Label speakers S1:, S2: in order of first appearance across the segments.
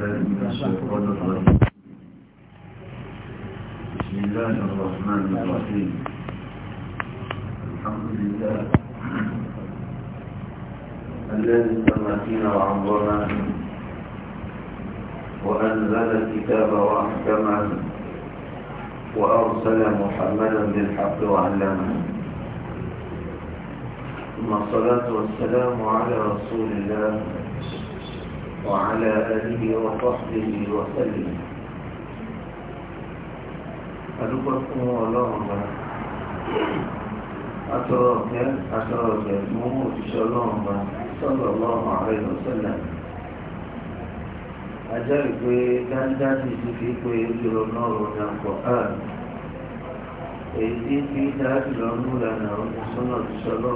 S1: بسم الله الرحمن الرحيم الحمد لله الذي سمى فينا وعظمنا وأنزل الكتاب واحكما وأرسل محمدا بالحق وعلمه ثم الصلاة والسلام على رسول الله وعلى آله وصحبه وسلم أدوكم الله أترك أترك موت شلون صلى الله عليه وسلم أجل كوي كان داتي سفي كوي يجلو نور من القرآن إذ في ذات الأمور أنا صلى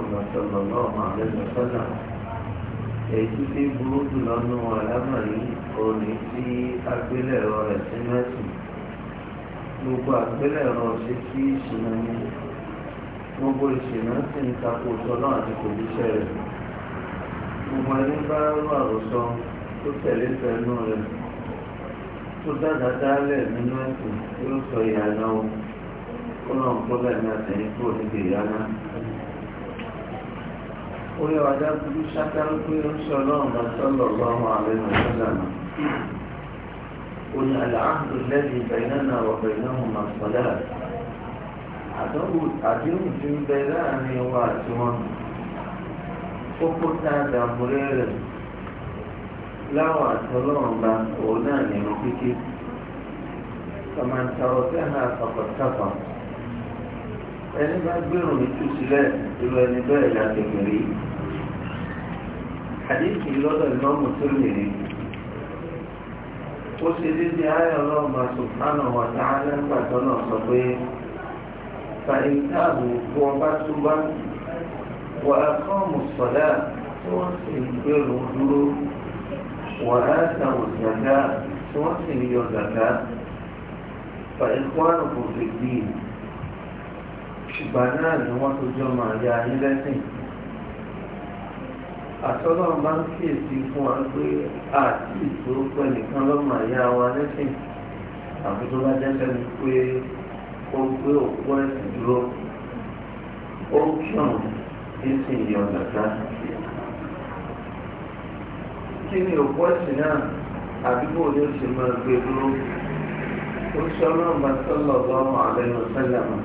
S1: الله عليه وسلم èyí tí burú jù lọ́nà àlámọ̀rí òní tí agbélẹ̀rọ rẹ̀ sí mẹ́sìn gbogbo agbélẹ̀rọ ṣe sí ìṣúná ní gbogbo ìṣúná sì ń takò sọ́nà àti kòlíṣẹ́ rẹ̀ gbogbo ẹni bá rú àròsọ tó tẹ̀lé fẹ́nu rẹ̀ tó dáadáa dálẹ̀ nínú ẹ̀sìn yóò sọ ìyànà o kó náà kó lẹ́nu àtẹ̀yìn kúrò níbi ìyànà ọkùnrin ọ̀dá burú ṣákárú pé ó ń sọ náà máa sọ́lọ̀ lọ́wọ́ àlẹ́nu sọ́lànà ó ní àlàáhùn lẹ́bi bẹ̀rẹ̀nà ọ̀bẹ̀rẹ̀nàmù máa sọ́lá àdéhùn tí ń bẹ láàrin wa àti wọn kókó tá a dàmúrẹ́ rẹ̀ láwọn àtọ́lọ́ọ̀ba òun náà nínú kíkí kọ̀mọ̀ntàrọ̀ tẹ́ náà kọ̀kọ̀tàkọ̀ ẹni bá gbèrò ní ìlú ẹni bẹ́ẹ̀ láti gbèrè yìí àdéhùn ìlọ́dọ̀ ìlọ́mù tó lè rí ó ṣe dédé ayé ọlọ́ọ̀bà subhanahu wa ta'ala nígbàtọ́ náà sọ pé fàìntàbù tó ọba tó bá wà á kọ́ mùsọ̀dá tí wọ́n sì ń gbèrò dúró wà á ta òṣàgá tí wọ́n sì ń yọ gàgá fàìkwánu kò fi bí ìgbà náà ni wọ́n tó jọ màá yá ayé lẹ́sìn àtọ́lọ́run bá ń kíyèsí fún wa pé àti ìtòrókọ nìkan lọ́mọ àyà wa lẹ́sìn àbí tó bá jẹ́sẹ̀ ni pé ó gbé òkú ẹ̀sìn dúró ó kíọ̀n ẹ̀sìn ìyọ̀nà ká. kí ni òkú ẹ̀sìn náà àdúgbò ni ó sì máa gbé dúró ó sọ ọlọ́run bá tọ́lọ̀ lọ́rùn àlẹ́nu sẹ́lẹ̀mù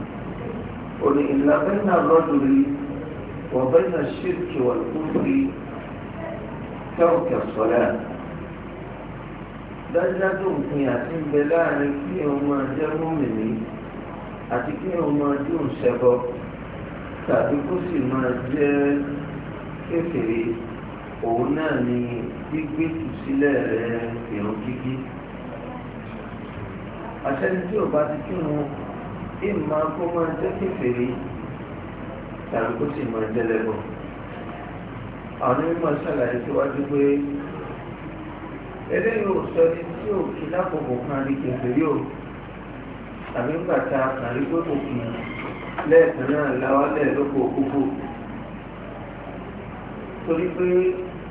S1: ó ní ìlànà lọ́dún rí wọ́n bẹ́ẹ̀ náà ṣèkì wọ́n kú rí tẹ́wọ̀kì ọ̀sọ́lá dájúdájú òfin àti ìbẹ̀ láàrin kí òun máa jẹ́ mọ́mìnì àti kí òun máa jẹ́ òǹṣẹ́bọ tàbí kó sì máa jẹ́ kékeré òun náà ni gbígbé tùsílẹ̀ rẹ̀ èrò kíkí àṣẹ́ni tí ò bá ti kírun ìmọ̀ kó máa jẹ́ kékeré tàbí kó sì máa jẹ́ lẹ́gbọ̀n àwọn onímọ̀ ṣàlàyé síwájú pé eléyìí ò sọ ní tí ò kí lákòókò kan ní kẹfìrí ò tàbí ń gbàtà kàn rí pé kò kì í lẹ́ẹ̀kan náà láwálẹ̀ lóko òkúkú torí pé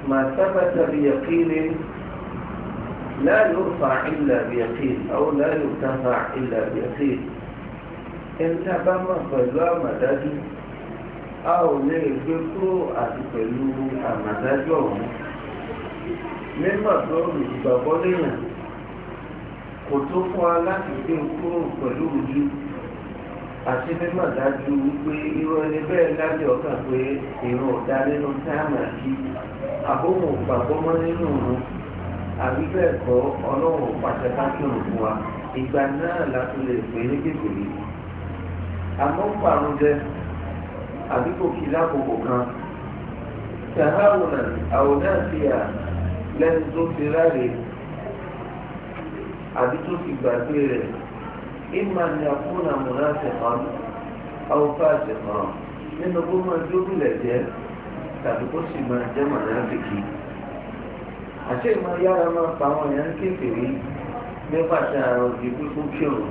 S1: màá sábà tàbí yàkí ni لا يرفع إلا بيقين أو لا يرتفع إلا بيقين انت بما فلو ما دادو a ò lè gbé kúrò àti pẹ̀lú àmàdájọ́ ọ̀hún nígbà tó olùgbàgbọ́ léèyàn kò tó fún wa láti gbé kúrò pẹ̀lú ojú àti nígbà dájú wípé irú ẹni bẹ́ẹ̀ lábẹ́ ọ̀kan pé ìrún ọ̀dá nínú táàmù àti àbóhùn gbàgbọ́ mọ́ nínú òun àbí bẹ́ẹ̀ kọ́ ọlọ́run pàṣẹ wa ìgbà náà àbí kò kí lákòókò kan sàháwùnà àwòdà sí à lẹ́nu tó ti ráre àbí tó ti gbàgbé rẹ̀ ìmà ni àkúnà múra sẹ̀kàn àwòfà sẹ̀kàn nínú kó máa dóbìlẹ̀ jẹ́ tàbí kó sì máa jẹ́ mọ̀nàfìkì àti ìmọ̀ yára máa pa àwọn èèyàn kékeré nípa tí àrùn ìdìbò kí òun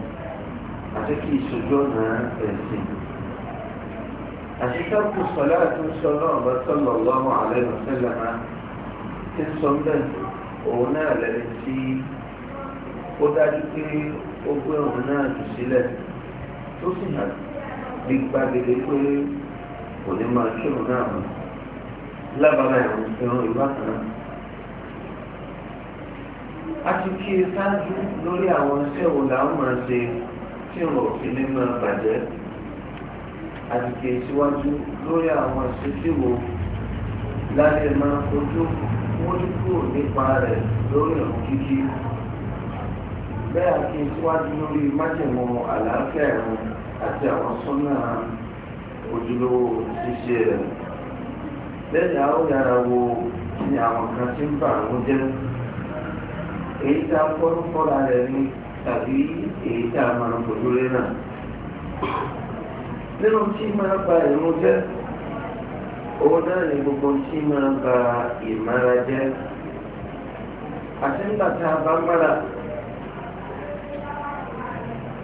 S1: àti kí ìṣojú ọ̀nà ẹ̀sìn àṣìṣàkù sọlá tó sọ náà bá sọlọ lọ́wọ́ àlẹ́ ìrọ̀sẹ́lẹ̀ máa ti sọ bẹ́ẹ̀ òun náà lẹ́ni tí ó dájú pé ó gbé òun náà jù sílẹ̀ tó sì hàn gbígbá gèdè pé kò ní máa kírun náà mọ́ lábàárà ìrùn ìrùn ìbátan náà. a ti kí e sáájú lórí àwọn iṣẹ́ wo làwọn máa ṣe tí wọn ò fi ní máa bàjẹ́. àdìgbè síwájú lórí àwọn ìṣojúwo lálẹ́ máa fojú mójúkú nípa rẹ̀ lórí ọ̀hún kíkí bẹ́ẹ̀ àti síwájú lórí májèmọ́ àlàáfíà ẹ̀rọ àti àwọn sọ́nà ojúlówó ṣíṣe rẹ̀ lẹ́yìn àwọn yàrá wo ni àwọn kan ti ń bà wọ́n jẹ́ èyí tá a kọ́ ń rẹ̀ ni tàbí èyí tá a máa fojú náà. nínú tí máa ba ìrun jẹ́ òun náà ni gbogbo tí máa ba ìmára jẹ́ àti nígbà tá a bá mára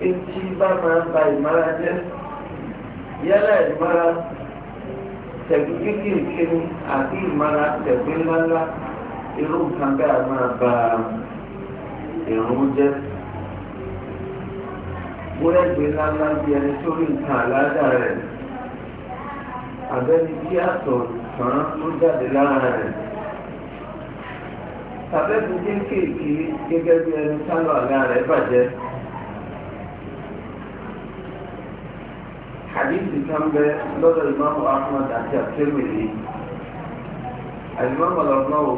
S1: etí bá máa ba ìmára jẹ́ yálà ìmára tẹ̀gbẹ́ kékeré ni àbí ìmára tẹ̀gbẹ́ ńláńlá irú nǹkan bẹ́ẹ̀ máa ba ìrun jẹ́ wúrẹ́gbẹ́ ńláńlá bí ẹni tó rí nǹkan àládà rẹ̀ àbẹ́ni tí àtọ̀ kan ló jáde lára rẹ̀ tàbẹ́bù kéékèèké gẹ́gẹ́ bí ẹni sálọ̀ àlá rẹ̀ bàjẹ́. Hadithi kan bẹ lọ́dọ̀ ìmáàmù Ahmad àti Àtẹ́wìlì. Àìmáàmù Bàlọ́gbọ́wò,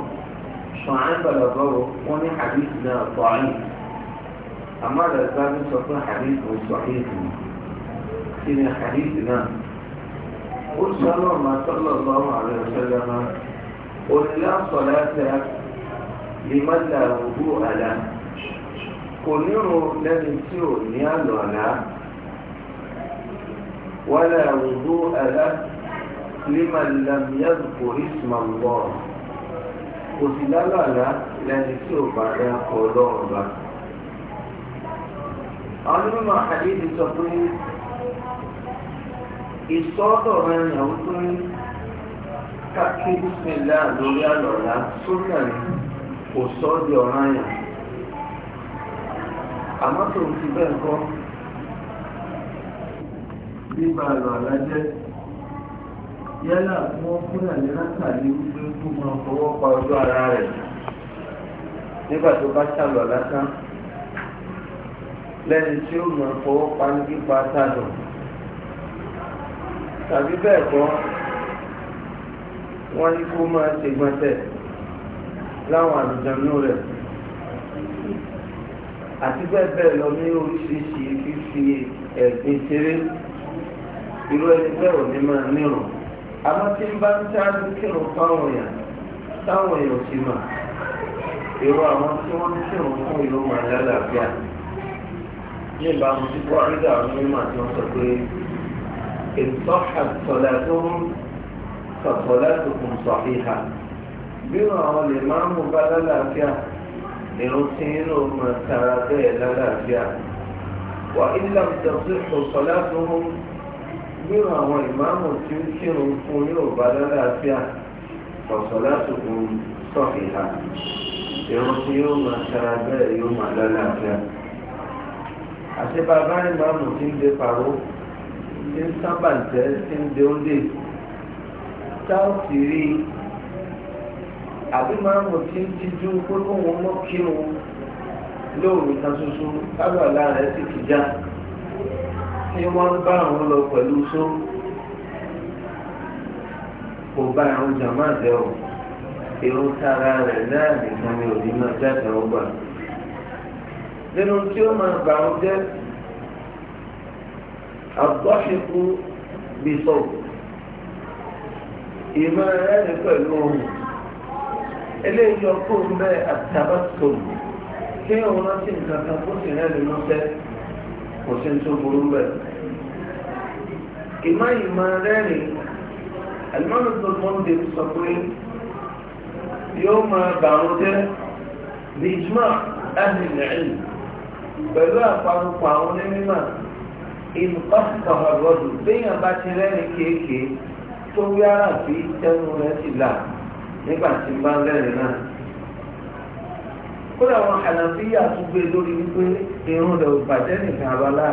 S1: Ṣọ̀hán Bàlọ́gbọ́wò, wọ́n ní hadithi náà tọ́ àyìn àmọ́ àdàlùbáàbí sọ fún hadith sọ̀híìsì kí ni hadith náà ó sọ náà máa tọ́lọ̀ lọ́wọ́ àrẹ ọ̀sẹ̀lẹ̀ náà onílá sọ̀lá tẹ lèmọ́lá òwú àlá kò nírun lẹ́ni tí ò ní àlọ́ àlá wàlá òwú àlá lèmọ́lá yàgò ìsìmọ̀ lọ́ọ̀ kò sì àwọn onímọ̀ àdéhùn sọ pé ìsọ́dọ̀ rẹ̀ yàn ó pé kákí bísímìlá lórí àlọ́lá sókè kò sọ́ di ọ̀ràn yàn àmọ́ tó ń ti bẹ́ẹ̀ kọ́ nígbà àlọ́lá jẹ́ yálà wọ́n fún àlẹ́ráta wípé tó máa fọwọ́ pa ọjọ́ ara rẹ̀ nígbà tó bá ṣàlọ́lá tán. lẹ́ni tí ó mọ̀ fọwọ́ panigbí pa tánù tàbí bẹ́ẹ̀ kọ́ wọ́n ní kó máa ṣègbọ́ntẹ̀ láwọn àlùjànnú rẹ̀ àti bẹ́ẹ̀ bẹ́ẹ̀ lọ ní oríṣiríṣi fífi egbin ṣeré irú ẹni bẹ́ẹ̀ ò ní máa nírun àmọ́ tí ń bá ń ṣáájú kírun fáwọn èèyàn táwọn èèyàn sì mà èrò àwọn tí wọ́n ní ìbámu sí kọ́rídà àwọn mímọ́ àti wọn sọ pé ìtọ́ka sọ̀dà tó ń sọ̀sọ̀dà tó kùn sọ̀híhà bí àwọn lè máa ń mú bá lálàáfíà ìrún tí ń lò mọ̀ tara bẹ́ẹ̀ lálàáfíà wà ilà ìtọ́síṣò sọ̀dà tó ń bí àwọn ìmáàmù tí ń kírun fún yóò bá lálàáfíà sọ̀sọ̀dà tó kùn sọ̀híhà ìrún tí yóò mọ̀ tara bẹ́ẹ̀ yóò mọ̀ lálàáfíà àti bàbá rẹ̀ máa mú kí n de pàrọ̀ kí n sábàǹtẹ̀ kí n de óńdè tá ó sì rí i àbí máa mú kí n tijú pé kó wọn mọ́ kí wọn lóòrù kan ṣoṣo lábàá lára ẹ̀ sì kìjà tí wọ́n bá àwọn lọ pẹ̀lú só kò bá àwọn jàmáà o èrò tara rẹ̀ náà nìkan ni òní máa jáde ọgbà. لأنه نتير ما نبعه الضحك بصوت إما يالك اللهم إليه يقول ما التبسل كي هنا سنك تنفس هذه النساء وسنس القلوب إما إما ذلك المنظر المنظر الصفرين يوم بعودة بإجماع أهل العلم pẹ̀lú àpapọ̀ àwọn onímọ̀ ìlúpàṣípàá ọ̀rọ̀dù béèyàn bá ti rẹ́rìn kéèké tó wí ara bí tẹnu rẹ̀ ti là nígbà tí bá ń náà. kódà àwọn àlàfíà tún gbé lórí wípé irun ò bàjẹ́ nìkan abala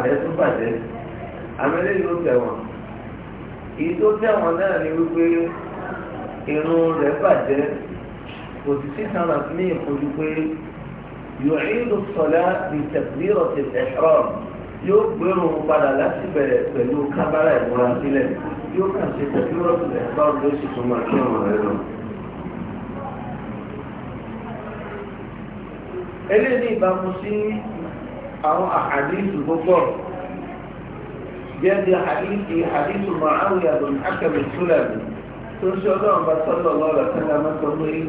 S1: يعيد الصلاة بتكبيرة الإحرام يكبره بلا لسبة بلو كبرة مراسلة يكبر بتكبيرة الإحرام ليس ثم أكيد مرهدو إليني بمسيني أو أحاديث بكر جادي حديثي حديث معاوية بن حكم السلامي ترسل الله صلى الله عليه وسلم أنت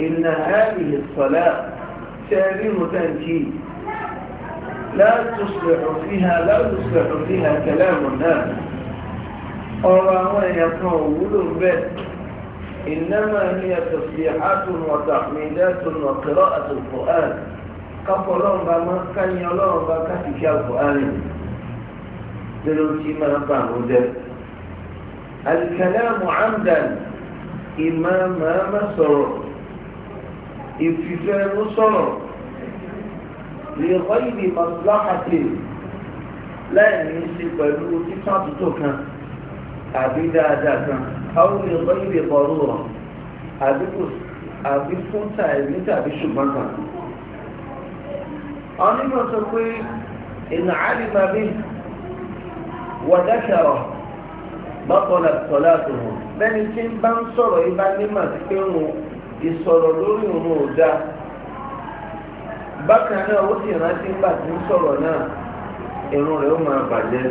S1: إن هذه الصلاة تاريخ تنكيل لا تصلح فيها لا تصلح فيها كلام الناس أرى يكون به إنما هي تصليحات وتحميدات وقراءة القرآن كفرون ما كان يلون بكتك القرآن دلوتي ما فهمه الكلام عمدا إمام ما مسرور ìfìfẹ́ ló sọ̀rọ̀ lè kọ́ ìdí mọ̀láhàtì lẹ́ẹ̀mí ṣe pẹ̀lú títún àtúntò kan àbí dáadáa kan àwọn lè kọ́ ìdí kọ̀ọ̀rọ̀ rọ̀ àbí fún tàìmí tàbí ṣùgbọ́n kan. àwọn onímọ̀ sọ pé ìnà àlìmọ̀ bíi wàdákàrọ̀ bákan náà sọ̀lá àtòwò bẹ́ni tí ń bá ń sọ̀rọ̀ ibà nímọ̀ sí pé ń wọ́n ìsọ̀rọ̀ lórí òun ò dáa bákan náà ó sì rántí ńgbà tí ń sọ̀rọ̀ náà irun rẹ̀ ó máa bàjẹ́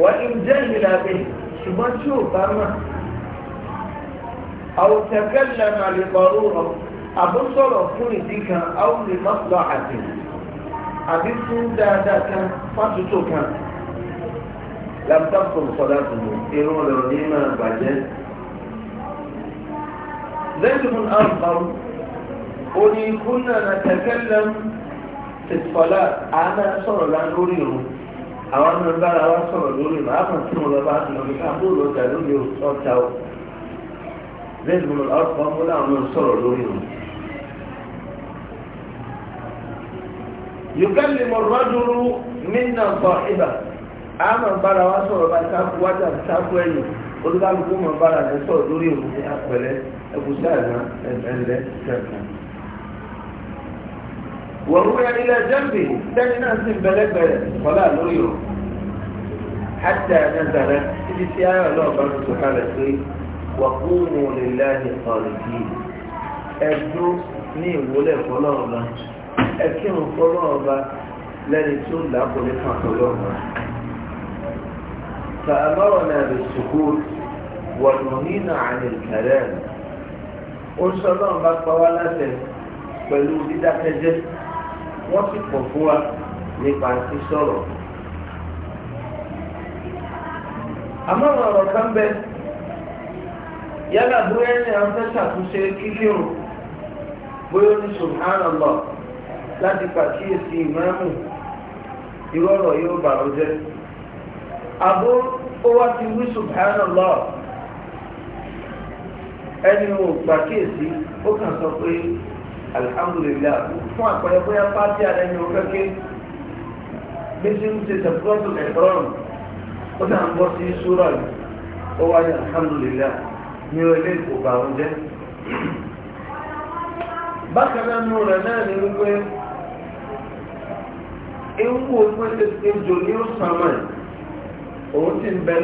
S1: wà ní jẹ́ ìlàbẹ̀ ṣùgbọ́n tí ò bá mà àwòtẹ́kẹ́lẹ́ máa lè bọ̀rọ̀ àbúsọ̀rọ̀ fún ìdí kan àwọn lè má àbí fún dáadáa kan fásitò kan làbúdàpọ̀ sọ̀dá tòun irun rẹ̀ ò ní máa bàjẹ́. زيد بن أرقم قولي كنا نتكلم في الصلاة أنا أصور الآن أريد àwọn ọmọ ẹgbẹ́ ara wa sọ̀rọ̀ lórí ìmọ̀ àwọn tí mo lọ bá ti lọ́ọ́ ká bóòlù ọjà lórí ọjà o lẹ́nu ọkọ̀ ọmọ làwọn náà sọ̀rọ̀ lórí ìmọ̀. yùkẹ́lì mọ̀rọ́dúró nínà bọ̀ ìbà àmọ̀ bára wa sọ̀rọ̀ bá sáfù wájà sáfù ẹ̀yìn olùkálùkù mọ̀ bára rẹ̀ sọ̀rọ̀ lórí ìmọ̀ ní àpẹẹrẹ أبو سالم عند سالم وروي إلى جنبه كان ناس بلد بلد صلاة نريه حتى نزل في يا الله بارك سبحانه وقوموا لله خالقين أجلوا ني ولا فلوبا أكيم فلوبا لن تسل أقول لك فلوبا فأمرنا بالسكوت ونهينا عن الكلام oṣù ọlọ́run bá pa wá láṣẹ pẹ̀lú dídákẹ́jẹ́ wọ́n sì pọ̀ fún wa nípa sísọ̀rọ̀. àmọ́ àwọn ọ̀rọ̀ kan bẹ yálà bóyá ní àwọn fẹ́ ṣàtúnṣe kíkírun bóyá ní subhanallah láti pàkíyèsí ìmáàmù irú ọ̀rọ̀ yóò bàrọ̀ jẹ́. àbó ó wá ti wí subhanallah. ẹni o gbà kéèsì ó kàn sọ pé alihamudulilayi fún àpẹẹrẹ bóyá pàtí àlẹyìn o kẹ́kẹ́ méjì ń ṣe tẹ̀síwájú ẹ̀kọ́rọ̀n ó náà ń bọ́ sí ṣúra yìí ó wáyé alihamudulilayi ní ilé ìkópa oúnjẹ. bákan náà nù ewu òpin ètò ìjò ní ó sàmà òun ti ń bẹ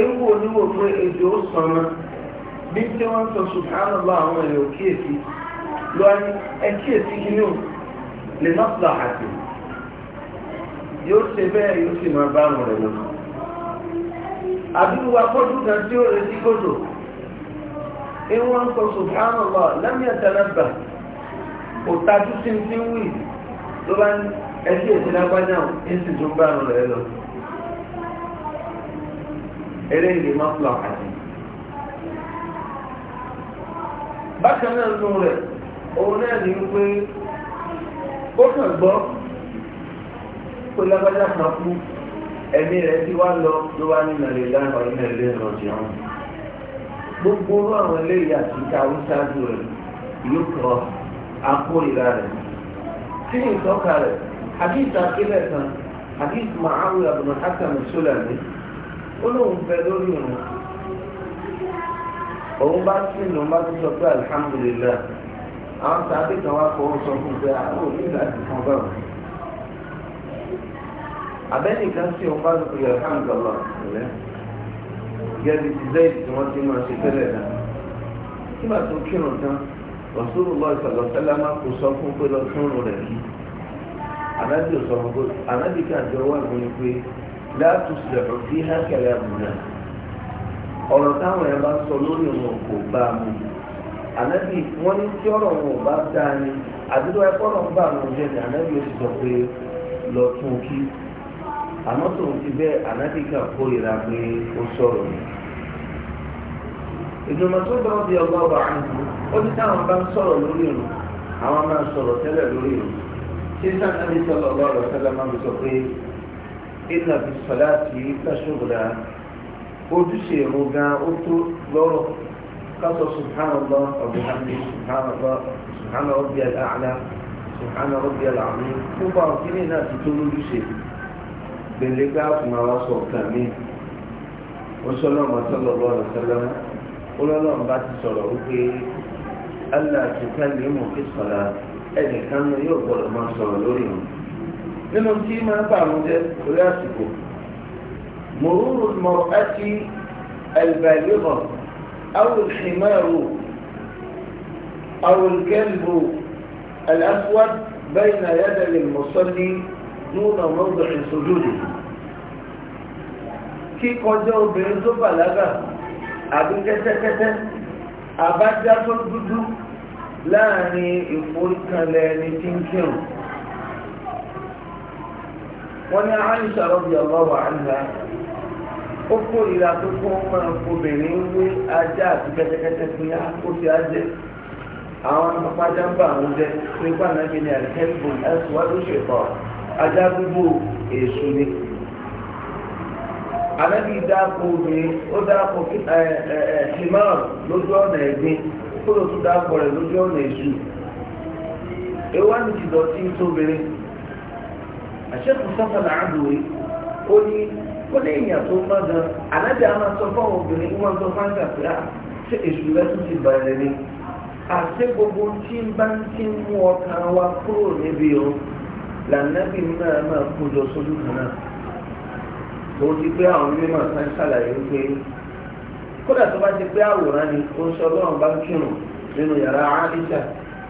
S1: ewu oníwò fún èdè ó sọmọ bí tí wọ́n sọ ṣùgbọ́n lọ àwọn èrè òkíyèsí lọ ẹkíyèsí inú lè má sọ àti yóò ṣe bẹ́ẹ̀ yóò sì máa bá àwọn rẹ̀ lọ. àbíkú wa kọ́jú kan tí ó retí kódò ewu ń sọ ṣùgbọ́n lọ lẹ́mí ẹ̀tẹ̀lẹ́gbà kò tajú sí ti ń ló bá ẹkíyèsí lágbájá ó sì tún bá àwọn rẹ̀ lọ. eléyìí mọ́tò àjẹ́ bákan náà nù rẹ̀ òun náà ní pé ó kàn gbọ́ pé lágbájá kan kú ẹ̀mí ti wá lọ ló wá ní nàlẹ́ lánàá iná ilé ìrọ̀jẹ̀ wọn gbogbo orú àwọn eléyìí àti ìta oníṣáájú rẹ̀ yóò kọ́ akórira rẹ̀ kí ó lóun bẹ lórí òun òun bá sí ní òun bá tún sọ pé alihamudulila àwọn sábẹ́ kan wá fọwọ́ sọ fún pé àwọn ah, òní láti fún bá wọn. abẹ́nìkan sí òun bá tún pé alihamudulila ìlẹ́ gẹ́gẹ́ ti zẹ́ẹ̀dì tí wọ́n ti máa ṣe tẹ́lẹ̀ náà nígbà tó kírun tán Rasulullah sallallahu alaihi wasallam máa kó sọ fún pé lọ tún rún rẹ̀ kí ànábì kan jọ wà lóyún pé. لا تصلح فيها كلامنا ọ̀rọ̀ táwọn ẹ̀ bá sọ lórí wọn kò bá sọ ànábì wọn ní tí ọ̀rọ̀ wọn ò bá dáa ni àdúrà ẹ̀kọ́rọ̀ ń bá wọn jẹ́ ni ànábì ó sì sọ pé lọ tún kí àmọ́ tó ń ti bẹ́ẹ̀ ànábì pé ó sọ̀rọ̀ ni. tó ọgbà ọba ó ní táwọn bá ń sọ̀rọ̀ lórí ìrù àwọn máa ń sọ̀rọ̀ tẹ́lẹ̀ lórí ìrù ṣé náà iná fi sọ̀lá ti lọ́ṣọ́gbọ̀dá ojúṣe ìrun gan ó tó lọ́rọ̀ kásọ̀ subhanallah ọ̀bùhánmi subhanallah subhana rabbiyal a'la subhana rabbiyal azim gbogbo àwọn kìíní náà ti tó lójúṣe gbèlégbé àfùnmọ́ wa sọ ọ̀kan mi oṣooṣọ́lọ́mọ sọlọ́lọ́ ọ̀sẹ̀lẹ́mọ́ olólùwọ̀n bá ti sọ̀rọ̀ wípé allah ti tẹ́lẹ̀ mọ̀ fi sọ̀rọ̀ ẹnìkan yóò gbọ́dọ̀ máa sọ̀rọ̀ lórí wọn nínú tí máa ń bàrún jẹ́ orí àsìkò mòrúurú mọ̀rọ̀ àti àlùbàlẹ́bọ̀ awùsìmáàrù awùlkẹ́lbù الأسود بين يدي المصلي دون موضع سجوده kíkọjá obìnrin tó bàlágà àbí kẹ́tẹ́kẹ́tẹ́ àbájá tó dúdú láàrin ìforíkanlẹ̀ ẹni tí ń kírun wọ́n ní Aisha radiyallahu anha ó kó ìlà tó fún máa obìnrin wé ajá àti kẹ́tẹ́kẹ́tẹ́ fún yá ó ti ajẹ́ àwọn pápájá ń jẹ pé pàǹdàbí ni àlẹ́kẹ́bù ẹ̀sùn wájú ṣèkọ́ ajá gbogbo èṣù ni. Ànábì dáko obìnrin ó dáko ṣìmáà lójú ọ̀nà ẹ̀gbin kó ló tún dáko rẹ̀ lójú ọ̀nà èṣù. Ewa ni ìdọ̀tí tóbìnrin. àṣẹ́kù sọ́fà làádùúrí ó ní ó ní èèyàn tó má gan ànájà máa sọ fáwọn obìnrin wọn máa sọ fáńgà pé à ah, ṣé èṣù rẹ tún ti bẹ̀rẹ̀ ni àṣẹ gbogbo tí ń bá ń ti mú ọkàn wa kúrò níbi o làǹdàbí náà máa kó jọ sójú kan náà ó ti pé àwọn mímọ̀ kan ṣàlàyé pé kódà tó bá ti pé àwòrán ni ó ń sọ lọ́rùn bá ń kírun nínú yàrá Àìṣà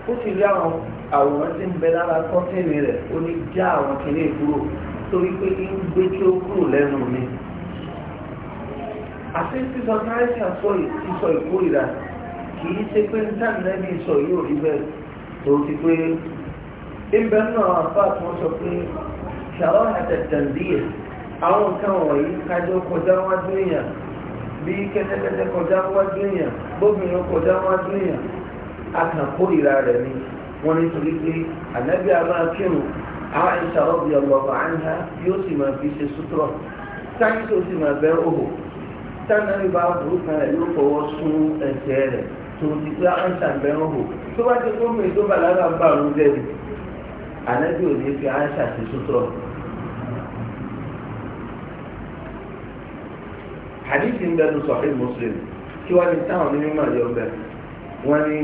S1: ó sì rí àwọn àwòrán tí ń bẹ lára kọ́tẹ́ẹ̀nì rẹ̀ ó ní já àwọn kìíní kúrò torí pé kí ń gbé tí ó kúrò lẹ́nu mi. àti sísọ káyọ̀sì àsọ ìsọ ìkórìíra kì í ṣe pé ntánilẹ́bí ìsọ yóò rí bẹ́ẹ̀ tó ti pé ìbẹ́ náà àbá tí wọ́n sọ pé ṣàwọ́ àtẹ̀tẹ̀ndíyẹ àwọn nǹkan wọ̀nyí kájọ kọjá wájú èèyàn bí kẹ́tẹ́kẹ́tẹ́ kọjá wájú èèyàn bóbìnrin kọjá wájú èèyàn akàn rẹ̀ ni wọ́n ní torí pé ànábì àbá kírun Àìṣà radiyallahu anha yóò sì máa fi ṣe sútúrọ̀ táyì tó sì máa bẹ́ òhò tánàrí bá burú kan rẹ̀ yóò fọwọ́ sún ẹ̀jẹ̀ rẹ̀ tó ti pé Àìṣà bẹ́ òhò tó bá ti kó mi tó bàlágà bá òun lẹ́nu ànábì ò fi Àìṣà ṣe sútúrọ̀. hadithi ń bẹnu Sahih Muslim kí wọ́n ní táwọn onímọ̀ yọ̀ bẹ̀ wọ́n ní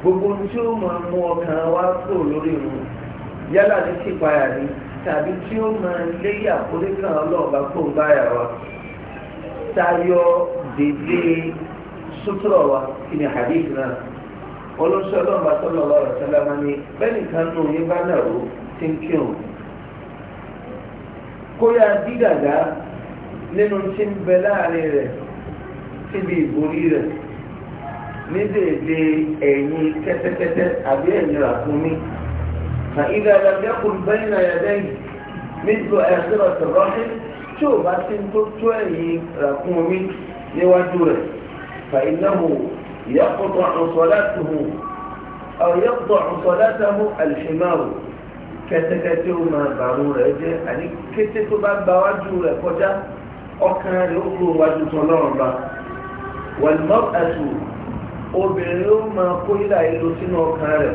S1: gbogbo tí ó máa mú ọkàn wá kó lórí irun yálà ní sípayà ni tàbí tí ó máa léyà oríkan ọlọ́ọ̀bá kó ń báyà wa tayọ dèdè sútúrọ̀ wa kí ni hadith náà olóṣèlú ọlọ́ọ̀bá sọ́nà ọlọ́ọ̀rọ̀ sálámà ni bẹ́ẹ̀ni kan nù yín bá náà ró tí ń kírun kóyà dídàgá nínú tí ń bẹ láàrin rẹ̀ síbi ìborí rẹ̀ ní dèédé ẹ̀yìn kẹ́tẹ́kẹ́tẹ́ àbí ẹ̀yìn ràkúnmí na ilẹ̀ ẹ̀dẹ́kùn bẹ́yìn náà ẹ̀dẹ́yìn nígbò ẹ̀sìn ọ̀sẹ̀ rọ́ṣẹ́ tí ò bá ti ń tó tó ẹ̀yìn ràkúnmí níwájú rẹ̀ fa ináwó yẹ́kùtọ̀ ọ̀sọ̀látìmù ọ̀yẹ́kùtọ̀ ọ̀sọ̀látàmù àlìṣẹ́máwò kẹ́tẹ́kẹ́tẹ́ ó máa bàrú rẹ̀ jẹ́ àní kété tó bá gba wájú rẹ̀ kọjá ọkàn rẹ̀ ó kúrò wájú tọ́lọ́run bá wàlúmọ́ ẹ̀sùn obìnrin ló máa kó ìlà ìlú sínú ọkàn rẹ̀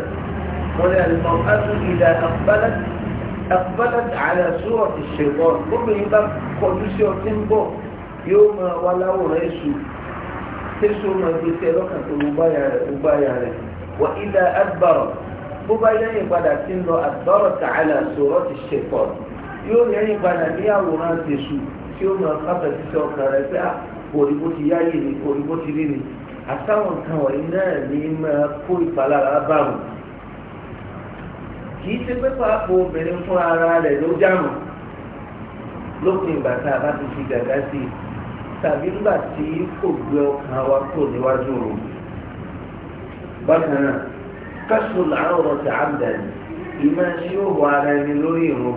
S1: wọ́n ní àlùmọ́ ádùn ìlà àkùbálàtì àlàsúrọ̀ ti ṣèkọ́ obìnrin bá kọjú sí ọtí ń bọ̀ yóò máa wá láwòrán èṣù tẹ́sù máa gbé sí ẹlọ́kàn tó gbáyà rẹ̀ wọ́n ìlà àgbàrọ̀ bó bá lẹ́yìn padà sí lọ àgbàrọ̀ tààlà sọ̀rọ̀ ti ṣèkọ́ yóò lẹ́yìn padà ní àwòrán tẹ̀sù tí ó máa kábẹ̀ sí ọkàn rẹ̀ pé àpò ah, àtàwọn nǹkan wọ̀nyí náà ni máa kó ìpalára bá wọn kì í ṣe pé pàápàá obìnrin fún ara rẹ̀ ló jáàmù lópin ìgbà tá a bá ti fi gàgá sí i tàbí nígbà tí kò gbé ọkàn wa kúrò níwájú rò bákan náà káṣù làárọ̀ ọ̀tà àbdàní ìmọ̀ ṣé ó wọ ara ẹni lórí ìrun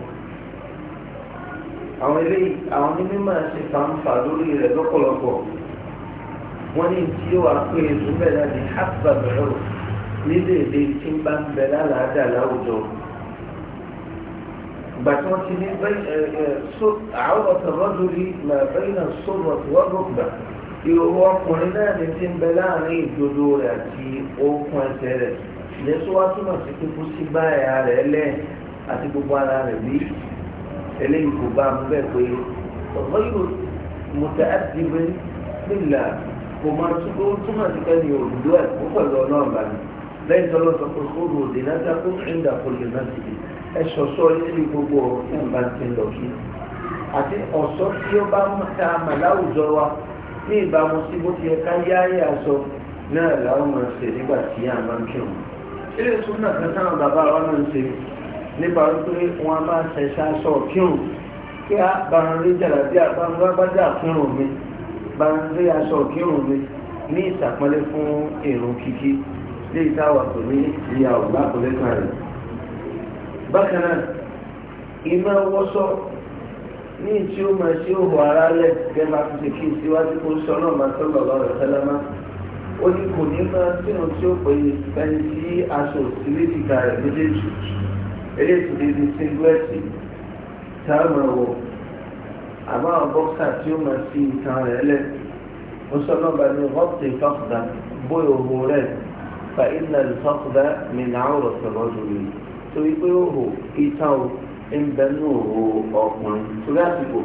S1: àwọn eléyìí àwọn onímọ̀ ṣe fàǹfà lórí rẹ̀ lọ́pọ̀lọpọ̀ wọ́n ní tí ó wà pé èso bẹ́ẹ̀ náà ní hápà bẹ̀rẹ̀ o nídèédé tí ń bá ń bẹ lálàáda láwùjọ. ìgbà tí wọ́n ti ní àwọn ọ̀sán rọ́dúrí máa bẹ́ẹ̀ náà sọ̀rọ̀ àtiwọ́dọ̀ gbà ìhòòhò ọkùnrin náà ní ti ń bẹ láàrin ìdodo rẹ̀ àti okùn ẹsẹ̀ rẹ̀ ìyẹn tó túmọ̀ sí kíkú sí báyà rẹ̀ lẹ́ àti gbogbo ara rẹ̀ bí eléyìí kò bá mú bẹ́ẹ̀ pé ọ̀gbọ́n yóò mọ̀tẹ́ àdìbẹ́ nílà kò máa túmọ̀ sí kẹ́ni òdòdó ẹ̀ kó pẹ̀lú ọlọ́run bá mi lẹ́yìn tó lọ sọ pé kó lò dé láti àkókò ìdá kòlè náà ti di ẹ ṣọ̀ṣọ́ níbi gbogbo ọ̀rọ̀ bá ti lọ kí àti ọ̀ṣọ́ tí ó bá ta àmà láwùjọ wa ní ìbámu sí bó ti yẹ ká yá ayé aṣọ náà làwọn máa ṣe nígbà tí a máa ń kírun ilé ìtumọ̀ kan sáwọn bàbá wa náà ń ṣe nípa wípé wọn a máa ṣẹ̀ṣẹ̀ aṣọ kírun kí a bá ń rí jàdá bá ń rí aṣọ kírun mi ní ìsàpọ́nlé fún èrò kíkí lé ìtawà tó ní ìyá ọ̀gbá kò lẹ́kàn rẹ̀ bákan náà ìmọ̀ wọ́sọ́ ní tí ó máa ṣe òhò ara lẹ̀ gẹ́gẹ́ bá ṣe kí síwájú kó sọ náà máa tó ó ní kò ní máa tí ó pè é aṣọ rẹ̀ méjèèjì eléyìí àmọ́ àwọn bọ́ksà tí ó máa fi ìtàn rẹ̀ lẹ̀ ó sọ náà bá ní rọ́pì fọ́kùdà bó ìhòòhò rẹ̀ fa iná fọ́kùdà mi náà rọ̀ sọ̀rọ̀ lórí torí pé òhò ìtàn ò ń bẹ ní òhò ọkùnrin torí àsìkò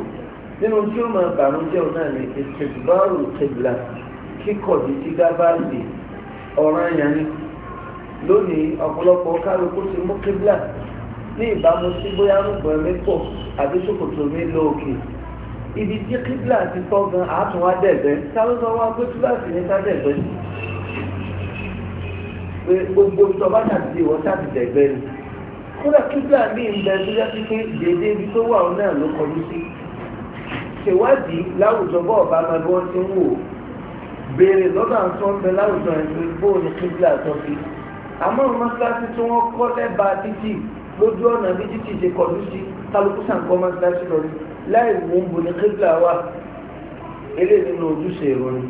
S1: nínú tí ó máa bànújẹ́ náà ní ìṣèjúbárò kébìlà kíkọ̀ di ti gábàlì ọ̀ràn yẹn lónìí ọ̀pọ̀lọpọ̀ kálukú ti mú kébìlà ní ìbámu sí bóyá ibi tí kíbla ti tọ́ gan àátún wá dẹ̀gbẹ́ sáré wá gbé kíláàsì ní sádẹ̀gbẹ́ pé gbogbo ìtọ́ba ṣàtìlẹ ìwọ ṣàtìdẹ̀gbẹ́ ni kódà kíbla mi ń bẹ tó yàtí pé dèdè ibi tó wà ọ náà ló kọjú sí ṣèwádìí láwùjọ bọ́ọ̀bá máa bí wọ́n ti ń wò béèrè lọ́dọ̀ àwọn tó ń bẹ láwùjọ ẹ̀sìn bóò ní kíbla tó fi àmọ́ mọ́sálásí tí wọ́n kọ́ lẹ́bàá títì lójú ọ̀nà bí títì ṣe kọjú sí kálukú sàǹkọ́ mọ́sálásí lọ́dún láì mú bùnú kíbla wa eré nínú ojúṣe ìròyìn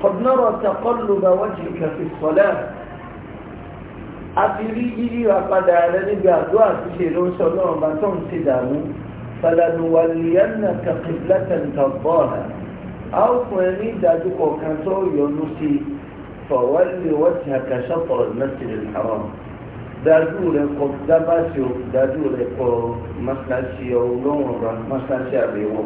S1: kọ̀dúnárọ̀ taqalluba wajhika fi salat àti rí yíyí àpadà rẹ níbi àdúrà ṣíṣe ló ń sọ náà bá tó ń ti dààmú falanuwalliyannaka qiblatan tardaha a ó fún ẹ ní ìdájú kọ̀ọ̀kan tó yọnu sí fawalli wajhaka shatr al-masjid al-haram dájú rẹ kọ dábàṣe o dájú rẹ kọ mọ́ṣáṣí ọlọ́run ọba mọ́ṣáṣí àbẹ̀wò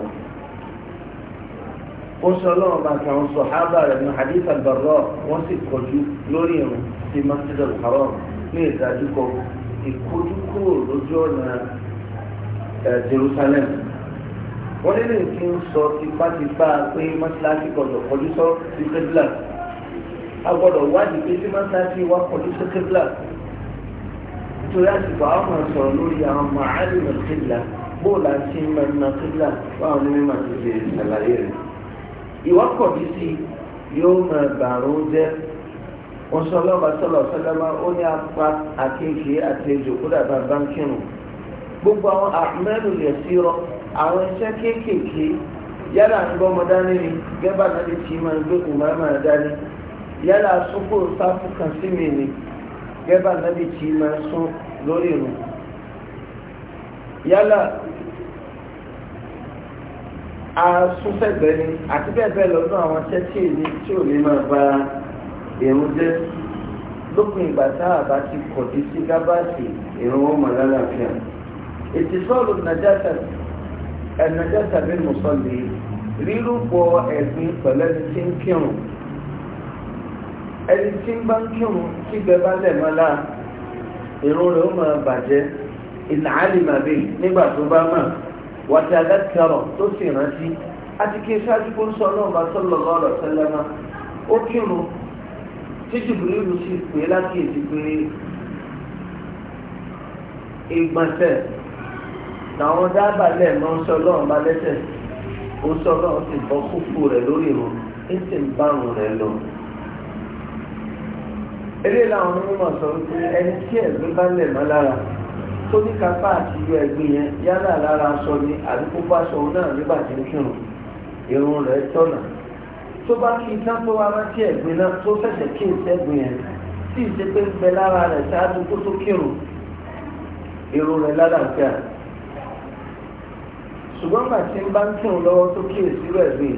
S1: ó sọ ọlọ́run ọba kan sọ hábà rẹ ní hadith albarra wọ́n sì kọjú lórí irun sí masjid alharam ní ìdájú kọ ìkọjú kúrò lójú ọ̀nà Jerusalem wọ́n lè lè kí n sọ tipátipá pé mọ́ṣáṣí gbọ́dọ̀ kọjú sọ sí kébìlà a gbọ́dọ̀ wádìí pé sí mọ́ṣáṣí wa kọjú sí kébìlà nítorí àsìkò àwọn máa sọ̀rọ̀ lórí àwọn màálù nàkìlá bóòlù àti nàkìlá báwọn ní mímọ̀ ti lè ṣàlàyé rẹ̀. ìwọ́kọ̀ bí sí yóò máa bàrún jẹ́ wọ́n sọ lọ́ba sọ́lọ̀ sọ́lọ́ba ó ní apá àkéèké àti ejò kódà bá bá ń kírun gbogbo àwọn àmẹ́rù lè sí rọ àwọn iṣẹ́ kéékèèké yálà ń gbọ́mọ dání ni gẹ́bà náà ti máa gbé gẹ́bà nábì tí máa ń sún lórí ìrùn yálà asúnfẹ̀gbẹ́ ni àti bẹ́ẹ̀ bẹ́ẹ̀ lọ́dún àwọn tẹ́tí èyí tí ò ní máa ba ìrùn jẹ́ lópin ìgbà tá a bá ti kọ̀dí sí gábàásì ìrùn wọn mọ̀ lálàáfíà ìtìsọ́ọ̀lù nàjàtà ẹ̀nàjàtà bí mùsọ̀lì rírúbọ ẹ̀gbin pẹ̀lẹ́ni tí ń kírun ẹni tí ń bá ń kírun tí gbẹ̀bá lẹ̀ mọ́ láà ìrun rẹ̀ ó máa bàjẹ́ ìlàálì màbí nígbà tó bá mọ̀ wàtí adákẹ́rọ̀ tó sì rántí àti kí ṣáájú kó ń sọ náà bá sọ́lọ̀ lọ́rọ̀ sẹ́lẹ́mà ó kírun tí jìbìlì sì pé lákìyèsí pé ìgbọ̀nsẹ̀ làwọn dábàá lẹ̀ ń sọ lọ́rùn bá lẹ́sẹ̀ ó sọ lọ́rùn sì bọ́ kókó rẹ̀ lórí ìrun ń sì ń bá ìrun rẹ̀ lọ eré làwọn onímọ̀ sọ wípé ẹni tí ẹ̀gbẹ́ bá lẹ̀ mọ́ lára tó ní kápá àti yọ ẹ̀gbẹ́ yẹn yálà lára aṣọ ni àbí kó bá aṣọ náà nígbà tí ń kírun irun rẹ̀ tọ̀nà tó bá kí tán tó wá rántí ẹ̀gbẹ́ náà tó fẹsẹ̀ kí ìṣẹ́gun yẹn tí ì ṣe pé ń bẹ lára rẹ̀ ṣáájú kó tó kírun irun rẹ̀ lálàáfíà ṣùgbọ́n màtí ń bá ń kírun lọ́wọ́ tó kíyèsí rẹ̀ gbé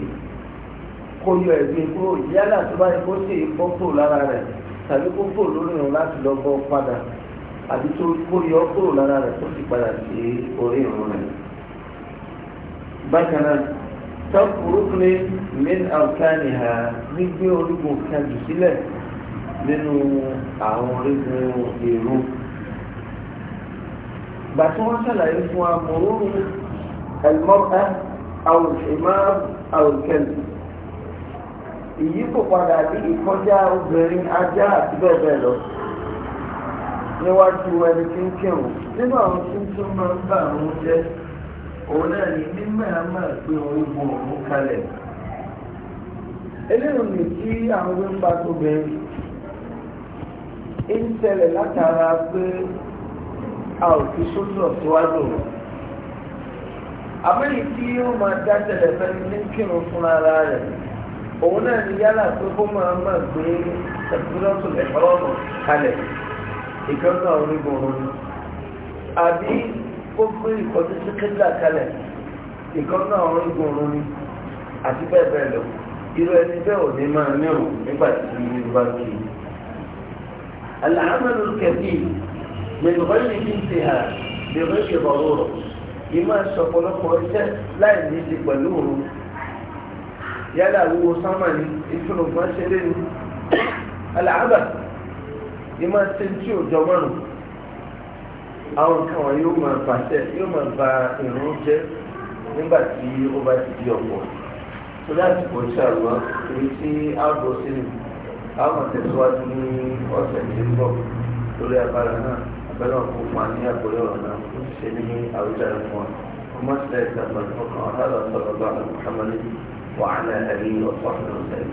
S1: kó yọ ẹ̀gbẹ́ kúrò yálà tó bá yẹ kó sì bọ́ kúrò lára rẹ̀ tàbí kó kúrò lórí irun láti lọ bọ́ padà àbí tó kó yọ kúrò lára rẹ̀ tó sì padà sí orí irun rẹ̀. bákan náà tọ́kùrú ní min alkani ha gbígbé orígun kan jù sílẹ̀ nínú àwọn orígun èrò. bàtí wọ́n ṣàlàyé fún wa mòórùn ẹ̀lmọ́ta àwòṣèmáà àwòkẹ́lì ìyípo padà bí ìkọjá obìnrin ajá àti bẹ́ẹ̀ bẹ́ẹ̀ lọ níwájú ẹni tí ń kírun nínú àwọn tí ń tún máa ń bá àwọn jẹ òun náà ní mímọ àmà pé òun bu òun kalẹ̀ eléyìí ni tí àwọn wí ń bá tó bẹ́ẹ̀ ń tẹ̀lẹ̀ látara pé a ò fi sójú ọ̀síwájú rẹ̀ àmì tí ó máa dá tẹ̀lẹ̀ fẹ́ni ní kírun fúnra rẹ̀ òun náà ni yálà tó kó máa má gbé ẹ̀kúrọ́sùn ẹ̀kọ́rọ́sùn kalẹ̀ ìkọ́nà orígun òun àbí ó gbé ìkọ́jú sí kíńdà kalẹ̀ ìkọ́nà orígun òun ni àti bẹ́ẹ̀ bẹ́ẹ̀ lọ irú ẹni bẹ́ẹ̀ ò ní máa nírò nígbà tí irú bá kì í. العمل الكثير من غير انتهاء بغير ضرورة ìmọ̀ ṣọ̀pọ̀lọpọ̀ iṣẹ́ láì ní ti pẹ̀lú òun yálà wíwo sánmà ní ìfúnnùgbọ́n ṣeré ní aláàbà ìmọ̀ ṣe tí ò jọ mọ́nu àwọn nǹkan wọn yóò máa bàṣẹ yóò máa ba ìrún jẹ nígbà tí ó bá ti di ọ̀pọ̀ tó láti pọ̀ sí àlùwá èyí tí a bọ̀ sínú àwọn tẹ̀síwájú ní ọ̀sẹ̀ tí ń bọ̀ lórí abala náà abẹ́lẹ̀ ọ̀pọ̀ fún àní àgbọ̀lẹ̀ ọ̀rọ̀ náà ó ti ṣe ní àwùjọ ẹ̀fọn ọmọ sílẹ̀ ìgbàgbọ́ ọkàn ọ̀hálà sọ̀rọ̀ bá Muhammad وعلى آله وصحبه وسلم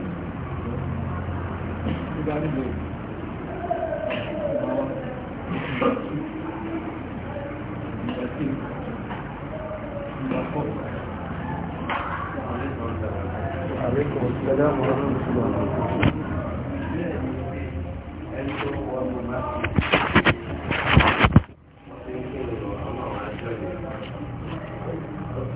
S2: وعليكم السلام ورحمة الله
S1: وبركاته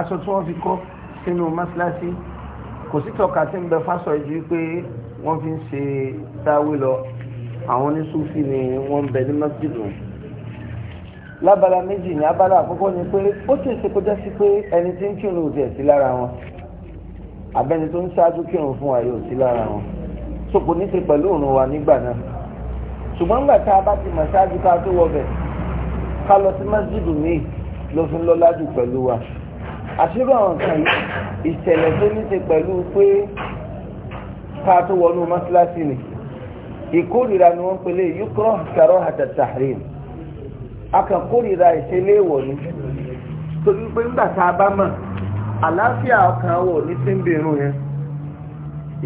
S1: aṣọ tí wọ́n fi kọ́ sínú mọ́ṣáláṣí kò sí tọ́ka tí ń bẹ fásọ ìjú pé wọ́n fi ń ṣe dáwé lọ àwọn oníṣúfì ni wọ́n ń bẹ ní mọ́ṣídù lábala méjì ní abala àkọ́kọ́ ni pé ó ti ṣe kọjá sí pé ẹni tí ń kírun ò tiẹ̀ sí lára wọn abẹ́ni tó ń ṣáájú kírun fún wa yóò sí lára wọn so ní ṣe pẹ̀lú òrùn wa nígbà náà ṣùgbọ́n nígbà tá a bá ti mọ̀ ṣáájú ká tó wọ bẹ̀ ká lọ sí mọ́ṣídù míì fi ń lọ́lá jù pẹ̀lú wa. àṣírí àwọn nǹkan yìí ìṣẹ̀lẹ̀ tó ní ṣe pẹ̀lú pé ká tó wọnú mọ́síláṣí ni ìkórìíra ni wọ́n pèlè yúkọ́ kẹrọ àtàtàrí akàkórìíra ìṣẹ̀lẹ̀ ìwọ̀ ni torí pé nígbà tá a bá mọ̀ àlàáfíà ọkàn wọ̀ ní tí ń bèrún yẹn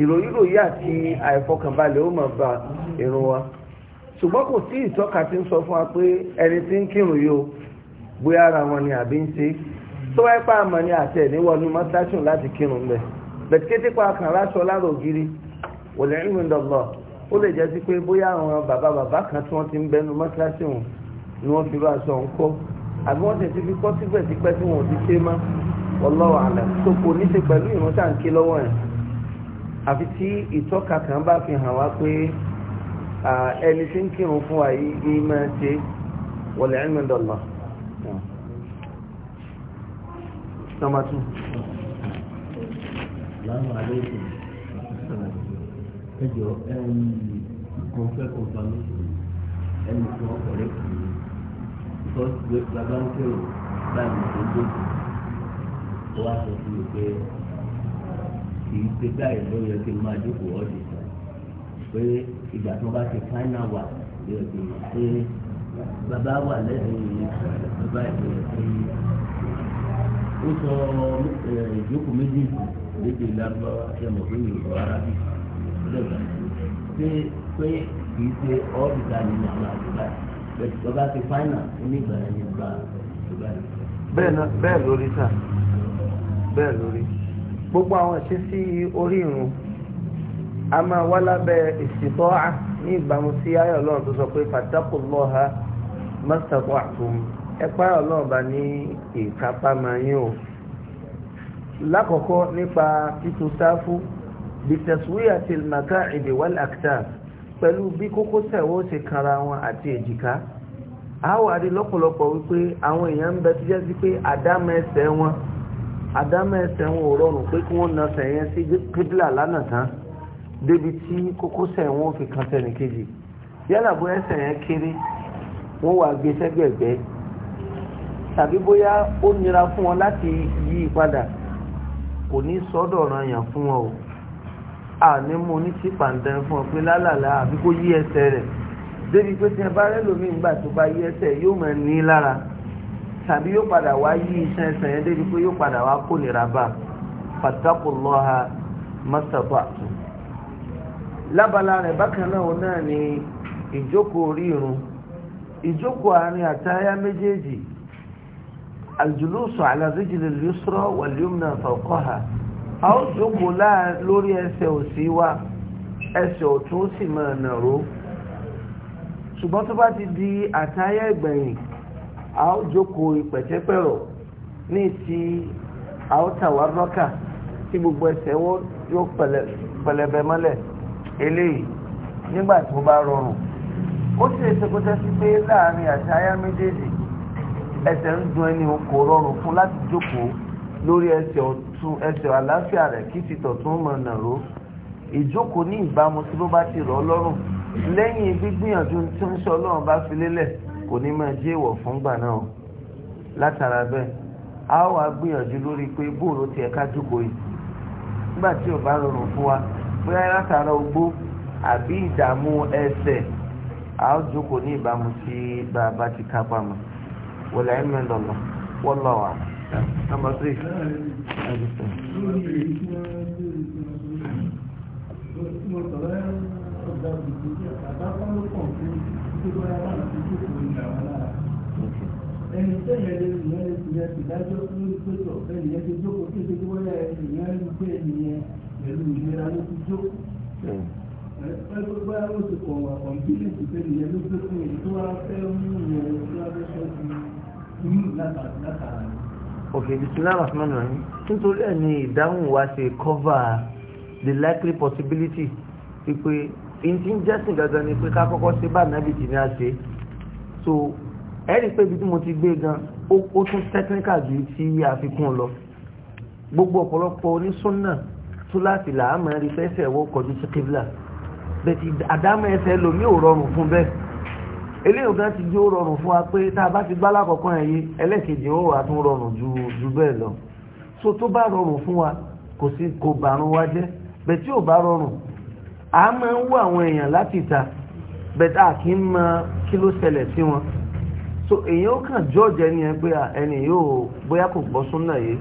S1: ìròyìnròyìn àti àìfọkànbalẹ̀ ó mọ̀ bá irun wa ṣùgbọ́n kò sí ìtọ́ka tí ń sọ fún wa pé ẹni tí ń kírun yìí o bóyá ara wọn ni àbí ń ṣe é tó wáyé pa àmọ̀ ní àtẹ̀ níwọ̀nú mọ́tàṣùn láti kírun bẹ̀ bẹ̀tíkété pa kàn ráṣọ lára ògiri òlẹ̀ ìrìn dọ̀gbọ̀ ó lè jẹ́ sí pé bóyá àwọn bàbá bàbá kan tí wọ́n ti ń bẹnu mọ́tàṣùn ni wọ́n fi rọ aṣọ ń kọ́ àbí wọ́n sì ti fi kọ́ síbẹ̀sípẹ́ tí wọ́n ti ṣe mọ́ ọlọ́wọ́ àlẹ́ tó kò ní ṣe pẹ̀lú ìrántàǹkí lọ́wọ́ ẹ̀ àfi tí ìtọ́ka kan bá fi hàn wá pé ẹni tí ń kírun fún wa yìí ní máa ṣe wọlé ẹ̀mí dọ̀lọ́ number two. ẹjọ mo fẹ́ confirmation ẹni tí wọ́n kọ̀ lẹ́kùn mi because bàbá ń kérò báyìí ló dé kó wá sọ fún mi pé kì í ṣe báyìí ló yẹ kí n máa jókòó ọ̀dì pé ìgbà tó bá ti final wà ló yẹ kí bàbá wà lẹ́yìn bàbá ìlú ó sọ ìjókòó méjèèjì lédè lábáwá ṣẹlẹ̀ pé yorùbá ara bí lọ́gbà pé pé kì í ṣe ọ́ọ̀dù dání ní àwọn àdúgbà bẹ́ẹ̀ tó ti fáìnà onígbà yẹn gba àdúgbà yẹn. bẹ́ẹ̀ lórí sà bẹ́ẹ̀ lórí gbogbo àwọn ìṣesí orí irun a máa wá lábẹ́ ní ayọ̀ lọ́run tó sọ pé ẹ̀pá ọlọ́ọ̀bá ní ìkápá máa yín o lákọ̀ọ́kọ́ nípa títú sáfù bitẹ̀sùwé àti ìlmàkà èdè wal aktaf pẹ̀lú bí kókósẹ̀ ó ṣe kanra wọn àti èjìká àwọn àdé lọ́pọ̀lọpọ̀ wípé àwọn èèyàn ń bẹ tó jẹ́ sí pé àdámọ̀ ẹsẹ̀ wọn àdámọ̀ ẹsẹ̀ wọn ò rọrùn pé kí wọ́n na sẹ̀yẹn sí kíbílà lánàá tán débi tí kókósẹ̀ wọn ò fi kan tẹnìkejì yálà bó ẹsẹ̀ yẹn kéré wọ́n wà gbé sẹ́gbẹ̀gbẹ́ tàbí bóyá ó nira fún wọn láti yí i padà kò ní sọ́dọ̀ ọ̀ràn yàn fún wọn o àní mo ní tí pàǹdẹ̀ fún ọ pé lálàlá àbí kó yí ẹsẹ̀ rẹ̀ débi pé tí ẹ bá rẹ́ lómi ìgbà tó bá yí ẹsẹ̀ yóò máa ní lára tàbí yóò padà wá yí iṣan ẹsẹ̀ yẹn débi pé yóò padà wá kó nira bá fatakullaha masata'tu lábala rẹ̀ bákan náà náà ni ìjókòó orí irun ìjókòó àárín àtayá méjèèjì الجلوس على al اليسرى wal فوقها fawqaha a ó jókòó lórí ẹsẹ̀ òsì ما نرو ọ̀tún sì máa nàró ṣùgbọ́n tó bá ti di àtayá ìgbẹ̀yìn a ó jókòó ìpẹ̀tẹ́pẹ̀rọ̀ ní ti a ó tàwa rọ́kà tí gbogbo ẹsẹ̀ wọn yóò pẹlẹbẹ mọ́lẹ̀ eléyìí nígbà tó bá rọrùn ó sì ṣe kó tẹ́sí pé láàrin àtayá méjèèjì ẹsẹ̀ ń dun ẹni kò rọrùn fún láti jókòó lórí ẹsẹ̀ ọ̀tún ẹsẹ̀ àlàáfíà rẹ̀ kí ti tọ̀tún mọ̀ nàró ìjókòó ní ìbámu tí ló bá ti rọ̀ lọ́rùn lẹ́yìn gbígbìyànjú tí ń sọ ọlọ́run bá fi lélẹ̀ kò ní máa jẹ́ ìwọ̀ fúngbà náà látara bẹ́ẹ̀ a ó wá gbìyànjú lórí pé bóòrò tiẹ̀ ká jókòó yìí nígbà tí ò bá rọrùn fún wa bóyá látara ogbó àbí ìdààmú ẹsẹ̀ a ó jókòó ní ìbámu tí bàbá ti kápá mọ́. والعلم عند الله والله أعلم نمبر 3 ẹni sẹ́yìn lè ní ẹni tí yẹ ti dájọ́ lórí pẹ̀tọ̀ ẹni yẹ ti jókòó tí ó ti wọ́lẹ̀ ẹni yẹn ń gbé ẹni yẹn pẹ̀lú ìlera ló ti jókòó bóyá ó ti kọ̀ wà kọ̀m̀pílẹ̀tì pẹ̀lú ìyẹn ló pé fún èyí tó wá fẹ́ mú ìyẹn tó wá fẹ́ sọ di inú látara ni. Okay, bismillah rahman rahim nítorí ẹ̀ ni ìdáhùn wa ṣe cover the likely possibility pípé ìtí ń jẹ́sìn gangan ni pé ká kọ́kọ́ ṣe bá nábì tí ní a ṣe so ẹ̀rí pé ibi tí mo ti gbé gan ó tún technical ju tí àfikún lọ gbogbo ọ̀pọ̀lọpọ̀ onísùnnà tó láti làámọ̀ rí fẹ́fẹ́ wọ́kọ̀ ju sí bẹ̀tì àdámọ́ ẹsẹ̀ lomi ò rọrùn fún bẹ́ẹ̀ eléyìí kan ti jẹ́ ó rọrùn fún wa pé tá a bá ti gbá lákọ̀ọ́kọ́ ẹ̀yẹ ẹlẹ́kejì ó wà tún rọrùn ju ju bẹ́ẹ̀ lọ so tó bá rọrùn fún wa kò sí kò bàrún wa jẹ́ bẹ̀tì ò bá rọrùn a máa ń wú àwọn èèyàn láti ìta bẹ̀tà kì í mọ kí ló ṣẹlẹ̀ sí wọn so èèyàn ó kàn jọ́ọ̀jẹ́ ni ẹ pé ẹni yóò bóyá kò gbọ́ súnà yìí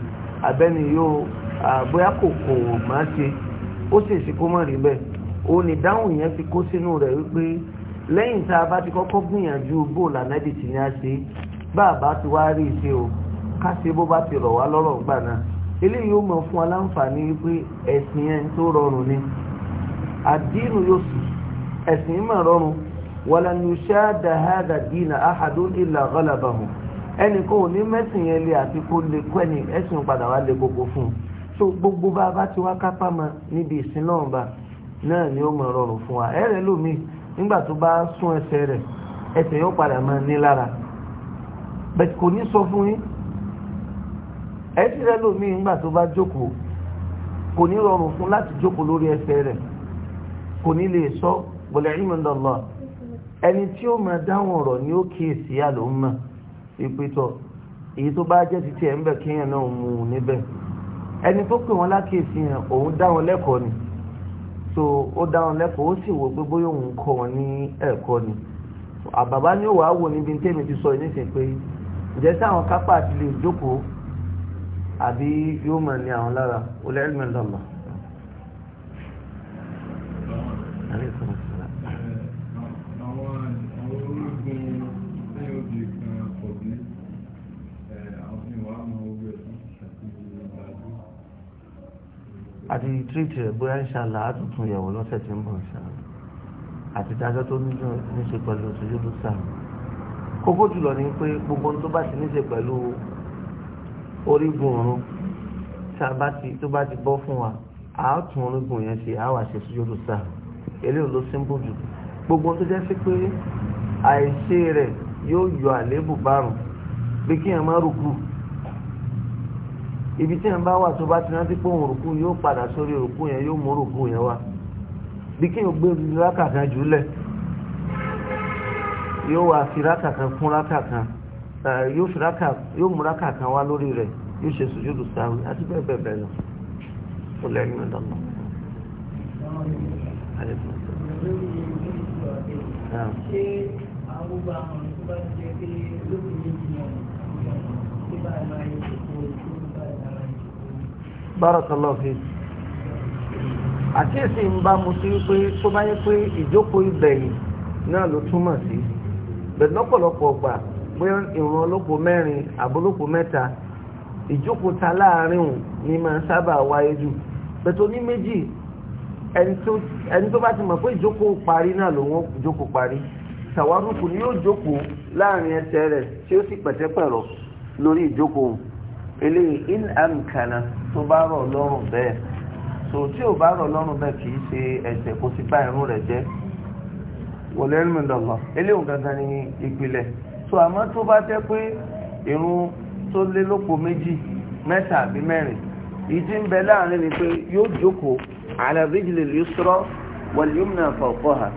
S1: abẹ́ni yóò bóyá kò kò máa ṣe ó sì ṣe kó mọ̀ rí bẹ́ẹ̀ ó ní dáhùn yẹn fi kó sínú rẹ̀ wípé lẹ́yìn tá a bá ti kọ́kọ́ gbìyànjú bóòlù ànábì tí ní a ṣe bá a bá ti wá rí o ká ṣe bó bá ti rọ̀ wá lọ́rọ̀ gbà náà eléyìí ó mọ̀ fún aláǹfààní wípé ẹ̀sìn yẹn tó rọrùn ni àdínú yóò sì ẹ̀sìn yìí mọ̀ rọrùn wàlá ni ṣáàdà hàdà dínà àhàdún ìlà ọ̀làbàhùn ẹnì kan ò ní mẹ́sìn yẹn lé so gbogbo bá a bá ti wá kápá níbi náà ni ó mọ̀ rọrùn fún wa ẹ̀rẹ̀ lómi nígbà tó bá sún ẹsẹ̀ rẹ̀ ẹsẹ̀ yóò padà máa ní lára bẹ̀tì kò ní sọ fún yín ẹsẹ̀ rẹ̀ lómi nígbà tó bá jókòó kò ní rọrùn fún láti jókòó lórí ẹsẹ̀ rẹ̀ kò ní lè sọ gbọ̀lẹ̀ ìmọ̀dọ̀lọ́ ẹni tí ó máa dáhùn ọ̀rọ̀ ni ó kíyèsí àlòmọ́ ìpìtọ̀ èyí tó bá jẹ́ ti tiẹ̀ ń bẹ̀ kéèyàn náà mú un níbẹ̀ ẹni tó pè wọ́n lákèsí yẹn òun dá wọn lẹ́kọ̀ọ́ ni so ó dá wọn lẹ́kọ̀ọ́ ó sì wò pé bóyá òun kọ́ wọn ní ẹ̀kọ́ ni àbàbá ni ó wàá wò níbi tẹ́mi ti sọ ìníṣẹ́ pé ǹjẹ́ sáwọn kápá àti lè jókòó àbí yóò mọ̀ ní àwọn lára olẹ́rìmẹ́lọ́mọ́. àti tírìtì rẹ̀ bóyá ìṣàlá àtúntún ìyàwó lọ́sẹ̀ tí ń bọ̀ ìṣàlá àti dájọ́ tó ní ṣe pẹ̀lú òṣèlú sàmì kókó jùlọ ni pé gbogbo tó bá ti ní ṣe pẹ̀lú orígun ọ̀run tó bá ti bọ́ fún wa a ó tún orígun yẹn ṣe a wà ṣe sójú sàmì eléyìí ló símbò jù gbogbo tó jẹ́ sí pé àìṣe rẹ̀ yóò yọ àléébù bárùn bí kí èèyàn má rúkú ibi tí yẹn bá wà tó bá ti rántí pé òun rùkú yóò padà sórí rùkú yẹn yóò mú yẹn wá bí kí yóò gbé rákàkà jùlẹ̀ yóò wá fi fún kún kan yóò mú kan wá lórí rẹ̀ yóò ṣe àti bẹ́ẹ̀ bẹ́ẹ̀ bẹ́ẹ̀ lọ ó lẹ́yìn ṣé àwọn àwọn tó bá ti jẹ́ pé bá ẹ̀ máa barakallahu fiki àkíyèsí ń bá mu sí pé tó bá yẹ pé ìjókòó ìgbẹ̀yìn náà ló túmọ̀ sí bẹ́ẹ̀ lọ́pọ̀lọpọ̀ gbà pé ìrun olóko mẹ́rin àbólóko mẹ́ta ìjókòó ta láàrin òun ni máa ń sábà wáyé jù bẹ́ẹ̀ tó ní méjì ẹni tó bá ti mọ̀ pé ìjókòó parí náà lòun ìjókòó parí tàwárùkù ni yóò jókòó láàrin ẹsẹ̀ rẹ̀ tí ó sì pẹ̀tẹ́pẹ̀rọ̀ lórí ìjókòó eléyìí in amkana tó bá rọ̀ lọ́rùn bẹ́ẹ̀ so tí ò bá rọ̀ lọ́rùn bẹ́ẹ̀ kì ṣe ẹ̀ṣẹ̀ kó ti bá irun rẹ̀ jẹ́ wọlé ẹnumọ̀dọ̀lọ́ eléyìí gangan ni ìpìlẹ̀ so àmọ́ tó bá jẹ́ pé irun tó lé lópo méjì mẹ́ta àbí mẹ́rin ìdí ń bẹ láàrin ni pé yóò jókòó ala rijli al-yusra wal-yumna ha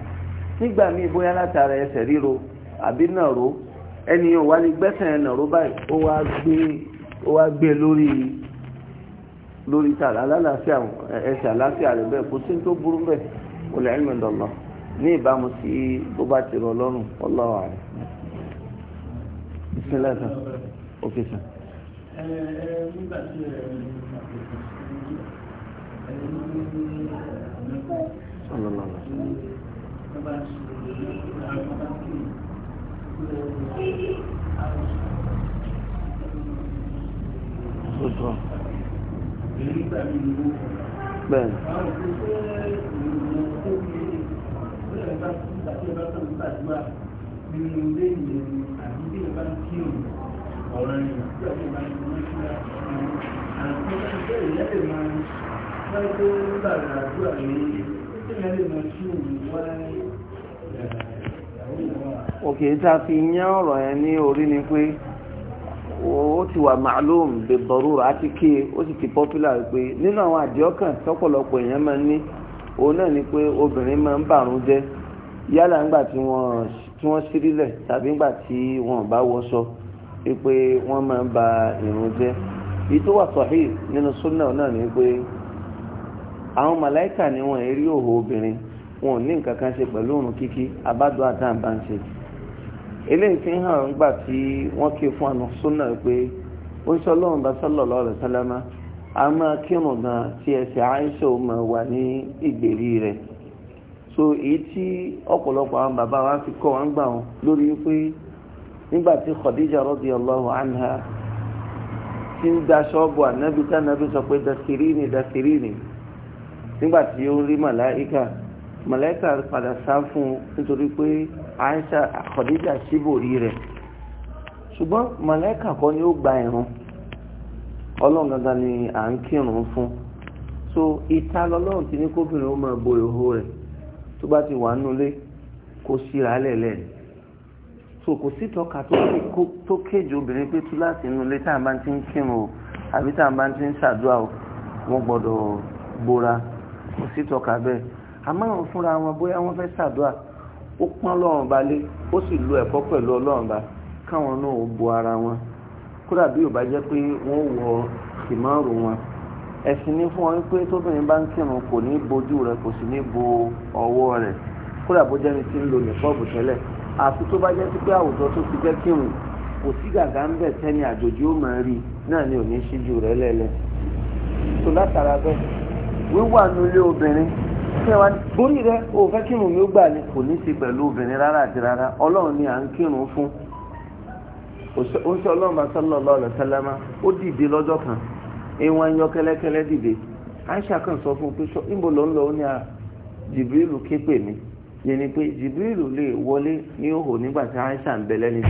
S1: nígbà míì bóyá látara ẹsẹ̀ ríro àbí nàró ẹnìyàn wà ó wá gbé e lórí lórí tààrà alálàáfíà ẹsẹ̀ àlàáfíà rẹ̀ bẹ́ẹ̀ kò sí tó burú bẹ́ẹ̀ kò lè ẹ̀rìn mẹ́dọ̀lọ́ ní ìbámu sí bó bá ti rọ lọ́rùn ọlọ́wà rẹ̀ ìpínlẹ̀ kan òkè sàn. nígbà tí Sallallahu alaihi wasallam ojú ọ. bẹ́ẹ̀ òkè tá fi yán ọ̀rọ̀ yẹn ní orí ni pé ó ti wà màálùm bè bọ̀rúra àti kí ó sì ti popular pé nínú àwọn àdìọ́kàn tọ́pọ̀lọpọ̀ èèyàn máa ń ní òun náà ni pé obìnrin máa ń bàrún jẹ́ yálà ńgbà tí wọ́n tí wọ́n tàbí ńgbà tí wọ́n bá wọṣọ pé wọ́n máa ń ba irun jẹ́ èyí tó wà sahih nínú súnà náà ni pé àwọn màláìkà ni wọ́n rí òhò obìnrin wọn ò ní nǹkan kan ṣe pẹ̀lú òrùn kíkí abádùn àtàǹbáǹṣe t eléyìí fi hàn n'gbati tí wọ́n ké fún àná súnà pé ó ń sọ bá a máa kírun gan tí ẹsẹ̀ àìsàn ò máa wà ní ìgbèrí rẹ̀ so èyí tí ọ̀pọ̀lọpọ̀ àwọn bàbá wa fi kọ́ wọn gbà wọn lórí pé nígbà tí Khadija anha ti ń da ṣọ́ọ̀bù ànábi tí ànábi sọ pé dakirini dakirini nígbà tí ó rí màláìka màláìka padà sá fún nítorí pé àìsà àkọ̀díjà síbòrí rẹ̀ ṣùgbọ́n màláíkà kọ́ ni ó gba ìrun ọlọ́run gangan ni à ń kírun fún so ìta lọ́lọ́run ti ní kóbìnrin ó máa bo ìhó rẹ̀ tó bá ti wà nulẹ̀ kó síra lẹ̀lẹ̀ so kò sí tọ́ka tó kéjì obìnrin pé tú láti nulẹ̀ tá à bá ti ń kírun o àbí tá à bá ti ń ṣàdúrà o wọ́n gbọ́dọ̀ bora kò sí tọ́ka bẹ́ẹ̀ àmọ́ fúnra wọn bóyá wọ́n fẹ́ ṣàdúrà ó pọ́n ọlọ́run ba lé ó sì lo ẹ̀kọ́ pẹ̀lú ọlọ́run ba káwọn náà ara wọn kódà bí ò bá jẹ́ pé wọ́n wọ ìmọ̀ọ́rù wọn ẹ̀sìn ní fún ọ pé tóbìnrin bá ń kírun kò ní bojú rẹ̀ kò sì ní bo ọwọ́ rẹ̀ kódà bó jẹ́ni ń lo nìkọ́ọ̀bù tẹ́lẹ̀ àfi tó bá jẹ́ sí pé àwùjọ tó jẹ́ kírun kò sí gàgà ń bẹ̀ àjòjì ó máa rí náà ni ò ní lẹ́lẹ̀ tó látara bẹ́ẹ̀ wíwà obìnrin fẹ́wà borí rẹ o fẹ́ kírun yóò gbà ní kò ní ṣe pẹ̀lú obìnrin rárá àti rárá ọlọ́run ni à ń kírun fún ó ṣe ọlọ́run bá sallallahu alaihi wasallam ó dìde lọ́jọ́ kan ẹyọ dìde Aisha kan sọ fún un pé níbo ló ń lọ ó ní a ah, Jibrilu ké pè mí yẹn ni pé Jibrilu lè wọlé ní òhò nígbà tí Aisha ń bẹ ni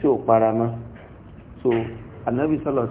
S1: tí ò para mọ́ so anabi sallallahu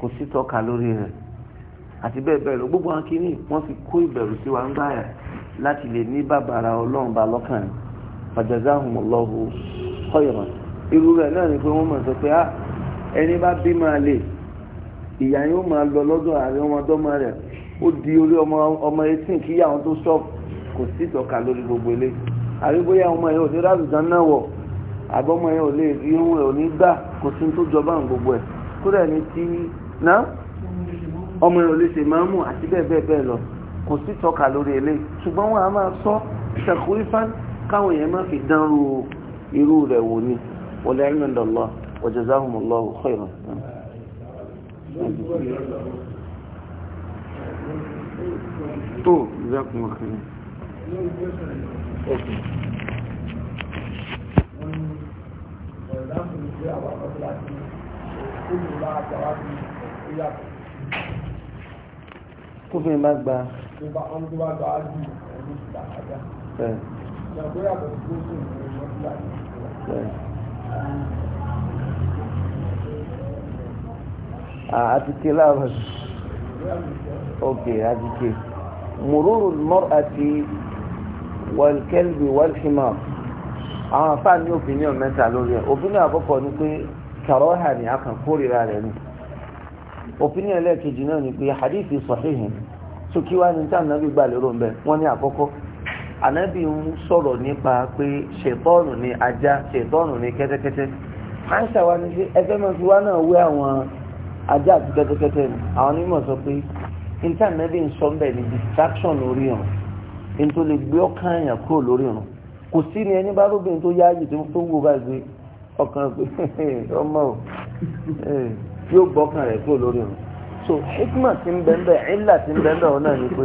S1: kò sí tọ́ka lórí rẹ̀ àti bẹ́ẹ̀ bẹ́ẹ̀ lọ gbogbo àwọn kìíní wọ́n fi kó ìbẹ̀rù sí wa ń báyà láti lè ní bàbàrà ọlọ́run bá lọ́kàn rẹ̀ fajazahumullahu khayran irú rẹ̀ náà ni pé wọ́n mọ̀ sọ pé ah ẹni bá bí máa lè ìyá yóò máa lọ lọ́dọ̀ ààrẹ ọmọdọ́mọ rẹ̀ ó di orí ọmọ etí kí àwọn tó sọ kò sí ìtọ́ka lórí gbogbo ilé àbí bóyá ọmọ yẹn ò ní ráàzùjá náà wọ̀ àbọ̀mọ yẹn ò ní gbà kò sí tó jọba gbogbo ẹ̀ kúrẹ̀ ní tí náà ọmọ rẹ̀ ò lè ṣe máa mú àti bẹ́ẹ̀ bẹ́ẹ̀ bẹ́ẹ̀ lọ kò sí tọ́ka lórí ilé ṣùgbọ́n wọn a máa sọ ṣàkórífán káwọn èèyàn má fi dánrú irú rẹ̀ wò ni wọlé ẹ̀rìndọ̀lọ́ wajazahumullahu khairan tó ìzákùnmọ̀ kan ní ọkùnrin Thank you kó fún mi má gba. àti ké láàbọ̀ ok àti ké mùrúrù mọ́ràtì wọ̀lkẹ́lbì wọ̀lkìmọ̀ àwọn afáàní opinion mẹ́ta lórí ẹ̀ opinion àkọ́kọ́ ni pé kàrọ́hà ni a kàn kórìíra rẹ̀ ni. opinion ẹlẹ́ẹ̀kejì náà ni pé hadith sọ̀híhì tó kí wá ní tí ànábì gbà lérò ni wọ́n ní àkọ́kọ́ ànábì ń sọ̀rọ̀ nípa pé ṣètọ́ọ̀nù ni ajá ṣètọ́ọ̀nù ni kẹ́tẹ́kẹ́tẹ́ àṣà wa n'isi pé naa we sọ distraction ọkàn ni tí ó gbọ́kàn rẹ̀ kúrò lórí òun so hikma ti ń bẹ́ẹ̀ ilà ti ń bẹ́ẹ̀ òun náà ni pé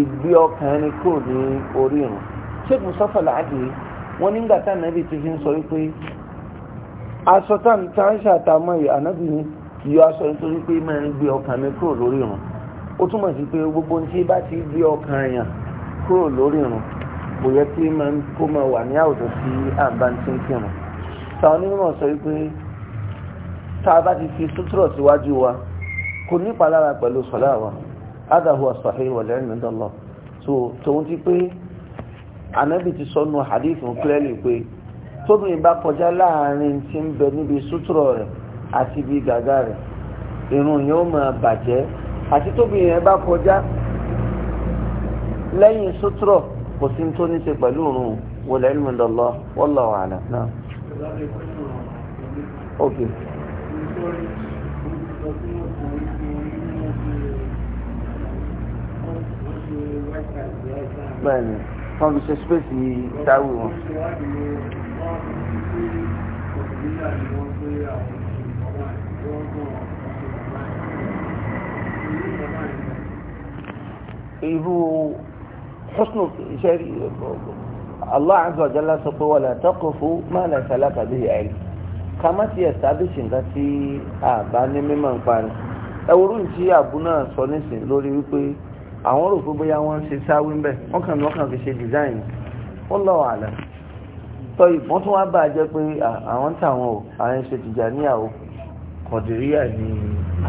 S1: ìgbé ọkàn ẹni kúrò ní orí òun sheikh musafa laadi wọn nígbà tá ànábì ti fi ń sọ wípé aṣọ tá à ń ṣàtàmọ́ yìí ànábì ni kì í aṣọ nítorí pé máa ń gbé ọkàn mi kúrò lórí òun ó túmọ̀ sí pé gbogbo tí bá ti gbé ọkàn èèyàn kúrò lórí òun kò yẹ kí kó máa wà ní àwùjọ tí à ń tí ń kírun táwọn onímọ̀ sọ wípé tá a bá ti fi sútúrọ̀ síwájú wa kò ní ìpalára pẹ̀lú sọ̀lá wa adahu asahih wal ilm inda Allah so tòun ti pé anabi ti sọnu hadithun clearly pé tóbìnrin bá kọjá láàrin tí ń bẹ níbi sútúrọ̀ rẹ̀ àti ibi gàgá rẹ̀ irun yóò máa bàjẹ́ àti tóbìnrin yẹn bá kọjá lẹ́yìn sútúrọ̀ kò sí tó ní ṣe bẹ́ẹ̀ni wọ́n fi ṣe spéèsì dáwò wọn. irú husnu iṣẹ́ Allah azza wa jalla sọ pé wala taqfu ma laysa bihi ilm ká má ti ẹ̀sábìsì nǹkan tí a bá ní mímọ̀ ń parí ẹwúrú tí àbú náà sọ nísìn lórí wípé àwọn rò pé bóyá wọ́n ṣe sáwí ń bẹ̀ wọ́n kàn wọ́n kàn fi ṣe design wọ́n lọ àlà tọ ìbọn tó wá bá a jẹ́ pé àwọn táwọn ò àwọn ṣe Tìjàníyà o Kọ̀dìríyà ni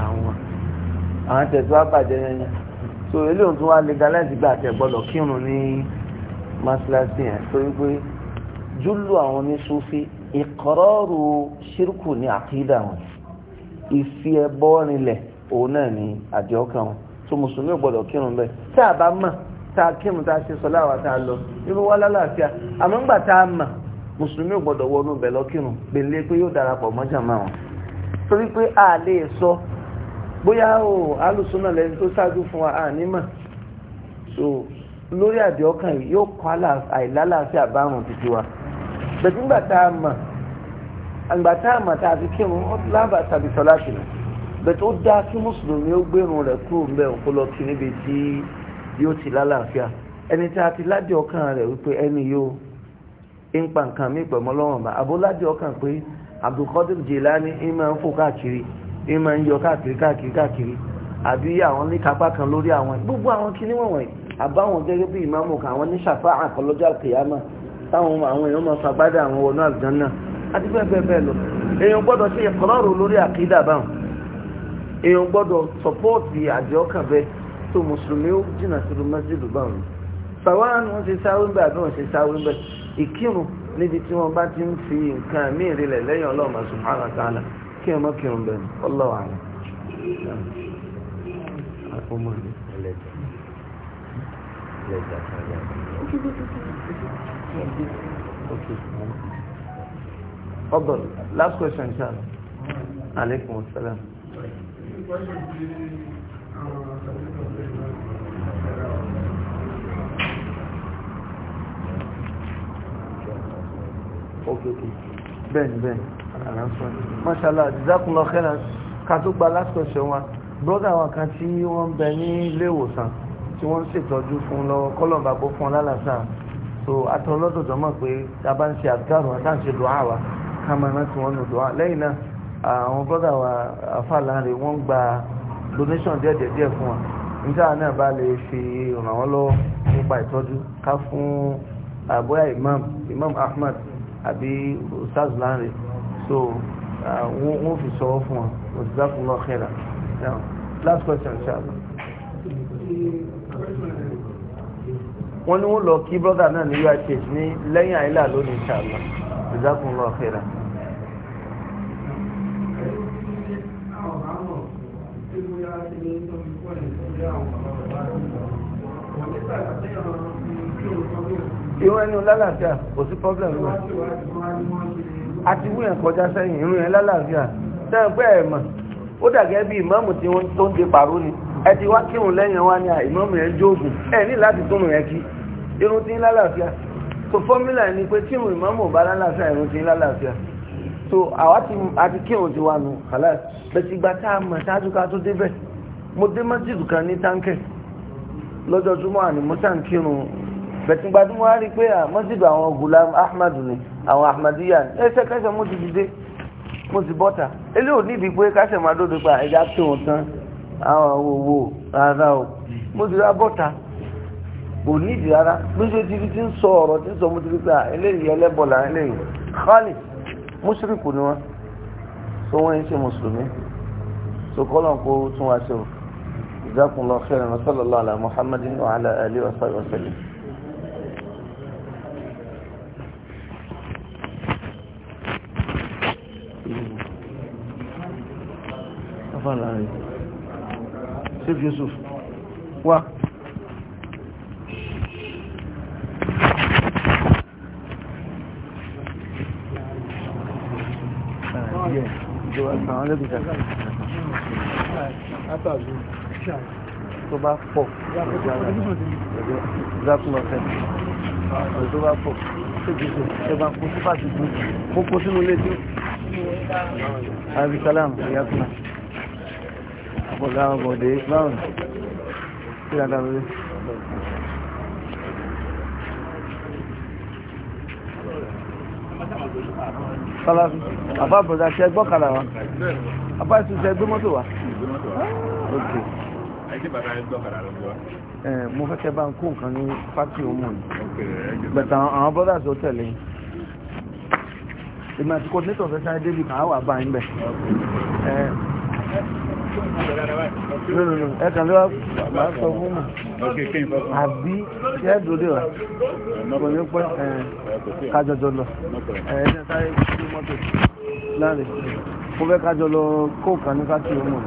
S1: àwọn àwọn tẹ̀sí wá bàjẹ́ yẹn so eléyìí tó wá legalize gbà tẹ̀ gbọ́dọ̀ kírun ní mọ́ṣáláṣí yẹn torí pé júlù àwọn oníṣúfì ìkọ́rọ́rù ṣírkù ní àkídà wọn ìfi ẹbọ rinlẹ̀ òun náà ní àdìọ́kàn wọn tó mùsùlùmí ò gbọ́dọ̀ kírun bẹ́ẹ̀ a bá mọ̀ tá a a ṣe sọ a lọ irú wa lálàáfíà àmọ́ ńgbà a mọ̀ mùsùlùmí ò wọnú bẹ̀ pé yóò darapọ̀ mọ́jà bẹ̀tí ńgbà tá a mà àgbà tá a mà tá a fi kírun lábàá tàbí sọlá kìnnà bẹ̀tí ó dá kí mùsùlùmí ó gbẹ̀rùn rẹ̀ kúrò ń bẹ̀ òkú lọ kí níbi tí yóò ti lálàáfíà ẹni tí a ti ládìí ọkàn rẹ̀ wípé ẹni yóò ń pa nǹkan mí pẹ̀mọ́ lọ́wọ́n bá àbó ládìí ọkàn pé Abdulkadir Jilani ń máa ń fò káàkiri ń máa ń yọ káàkiri káàkiri káàkiri àbí àwọn ní kápá kan lórí àwọn gbogbo àwọn kiní wọ̀nyí àbáwọn gẹ́gẹ́ bí ìmáàmù kan àwọn ní ṣàfáà àkọlọ́jà kìyàmà táwọn àwọn èèyàn máa fagbádà àwọn wọnú àlùjànnà àti bẹ́ẹ̀ bẹ́ẹ̀ bẹ́ẹ̀ lọ èèyàn gbọ́dọ̀ ṣe ìkọlọ́rù lórí àkídà báwọn èèyàn gbọ́dọ̀ sọpọ́ọ̀tì àjọ tó mùsùlùmí ó jìnà sí mẹ́sìlú báwọn sàwọn wọn ṣe sáré ń àbí wọn ṣe ìkírun níbi tí bá ti ń fi nǹkan mí ìrìnlẹ̀ lẹ́yìn Okay. Fadal. Last question, inshallah. Alaikum assalam. Okay, okay. Ben, Ben. Mashallah, jazakumullah khairan. Ká tó gba last question wa. Brother wa kan tí wọ́n ń bẹ ní ilé ìwòsàn tí wọ́n ń ṣètọ́jú fún lọ́wọ́ kọ́lọ̀ bàbá fún ọlálàsàn so atọ́rọ lọ́dọ̀dọ̀ mọ̀ pé ta bá ń ṣe àdúgbò àti àṣẹ dùá wa ká máa rántí wọn nù dùá lẹ́yìn náà àwọn brọ́dà wa afáàláre wọ́n ń gba donation díẹ̀ díẹ̀ fún wa níta náà bá lè fi ràn wọ́n lọ́wọ́ nípa ìtọ́jú ká fún àbúyá imam imam ahmad àbí ustaz Lanre so wọ́n fi sọ fún wọn òṣìṣẹ́ fún lọ́ọ́ last question inshallah wọ́n ní wọ́n lọ kí brọ́dà náà ní uih ní lẹ́yìn àìlà lónìí inshallah jazakumullahu khairan. irun ẹni lálàáfíà kò sí problem náà a ti wúyàn kọjá sẹ́yìn irun ẹni lálàáfíà sẹ́yìn pé ẹ̀ mọ̀ ó dàgẹ́ bí ìmáàmù tí wọ́n tó ń de pàró ni ẹ ti wá kírun lẹ́yìn wá ní ìmọ̀mù yẹn jóògùn ẹ ní láti túnmù yẹn kí irun tí ń lálàáfíà so fọ́múlà ni pé kírun ìmọ̀mù bá lálàáfíà irun tí ń lálàáfíà so àwa ti àti kírun ti wà nù kàlá bẹ̀sìgbà tá a mọ̀ ṣáájú ká tó débẹ̀ mo dé mọ́sídù kan ní táǹkẹ̀ lọ́jọ́ túmọ̀ àní mo ṣà ń kírun bẹ̀sìgbà tí mo wá rí pé mọ́sídù àwọn gulam ahmad ni àwọn ahmadiyya ẹsẹ̀kẹsẹ̀ mo ti dìde mo ti bọ́ta eléyìí ò níbi pé káṣẹ̀ máa dóde pa ẹ̀já kírun tán àwọn owó rárá o mo ti ra bọ́ta kò nídìí rárá bí ṣe ti fi ti ń sọ ọ̀rọ̀ tí ń sọ mo ti fi pé eléyìí ẹlẹ́bọ̀là eléyìí khali mùsùlùkù ni wọ́n so wọ́n ń ṣe mùsùlùmí so kọ́lọ̀ kó tún wá ṣe o jazakumullahu khairan wa sallallahu ala muhammadin wa ala alihi wa Thank you. Chief Yusuf wá tó bá pọ̀ ìjákulọ̀ fẹ́ tó bá pọ̀ tó bá kó sípàtì gbogbo kó sínú létí àrísálàmù ìyákulọ̀ ọ̀gá ọgọ̀dé báwọn tí a dábọ̀ lé. Falafi, àbá bọ̀dá ṣe gbọ́ kàlà wa. Àbá ìtún ṣe gbé mọ́tò wa. Ok. Ẹjẹ́ bàbá ẹ gbọ́ kàlà lọ́wọ́. Ẹ mo fẹ́ kẹ́ bá ń kó nǹkan ní pátì òmùn. Bẹ̀tà àwọn bọ́dà tó tẹ̀lé èmi àti coordinator fẹ́ sáré débi kàá wà bá ń bẹ̀ ẹ kàn ló wá máa sọ fún mọ̀ àbí ṣé ẹ dòde wa kò ní pẹ́ eh, eh, kájọjọ lọ eh, ẹ ẹ sáré sí mọ́tò láàrin mo fẹ́ kájọ lọ kó kan ní ká tí o mọ̀.